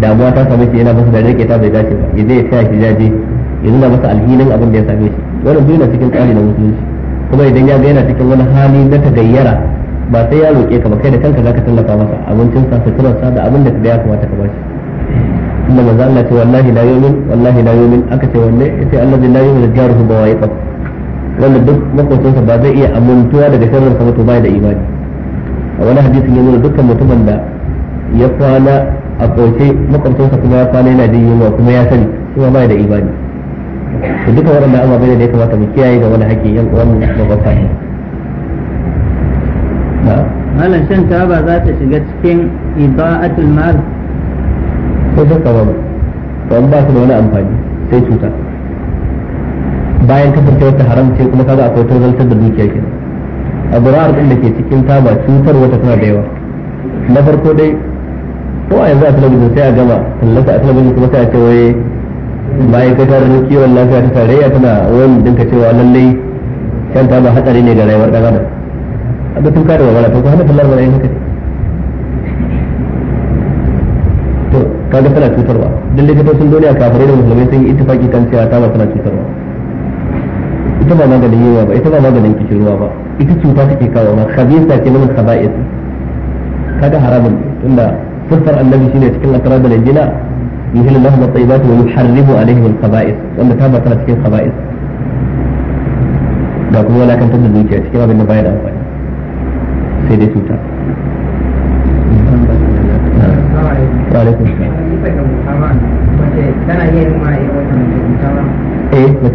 damuwa ta same shi yana masa dariyar keta bai dace ba je ya taya shi je. ya nuna masa alhinin abin da ya same shi wannan duk cikin tsari na musulunci kuma idan ya ga yana cikin wani hali na gayyara ba sai ya roƙe ka ba kai da kanka zaka tallafa masa abincin sa suturar sa da abin da ya kamata ka bashi kuma manzo Allah ce wallahi la yu'min wallahi la yu'min aka ce wanne yace allazi la yu'min jaruhu bawaiqa wanda duk makocinsa ba zai iya amintuwa daga sharrin sa to bai da imani a wani hadisin ya nuna dukkan mutumin da ya kwana a kauce makwabcinsa kuma ya kwana yana jin yunwa kuma ya sani kuma bai da imani to duka waɗanda ababe ne da ya kamata mu kiyaye da wani haƙƙi yan uwan da wata ne malam shan taba za ta shiga cikin ibaatul mal ko da ka to an ba su da wani amfani sai cuta bayan kasancewar ta haram ce kuma kaga akwai tozaltar da dukiya kenan aburar din da ke cikin taba cutar wata tana da yawa na farko dai ko a yanzu a talabijin sai a gama tallata a talabijin kuma sai a ce waye ma'aikatar kiwon lafiya ta tarayya tana wani dinka cewa lallai ta ba hatsari ne ga rayuwar dan adam a duk tuka da magana to ko hana tallar mana haka to kaga tana cutarwa duk likitocin duniya kafirai da musulmai sun yi ittifaki kan cewa ta ba tana cutarwa ita ba maganin yiwa ba ita ba maganin kishirwa ba ita cuta take kawo ma khabisa ce min khaba'is kada haramun tunda fuskar annabi shine cikin asrar da lajina يهل الله الطيبات ويحرم عليهم الخبائث wanda ta ba tana cikin khaba'is da kuma walakantar da zuciya cikin abin da baya da amfani sai dai cuta eh mace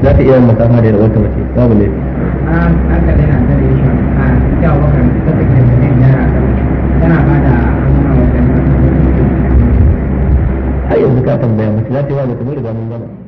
za ta iya yin masama da wata mace babu laifi tana ba da har yanzu ka tambaya mace za ta yi wa mutum riga mun gama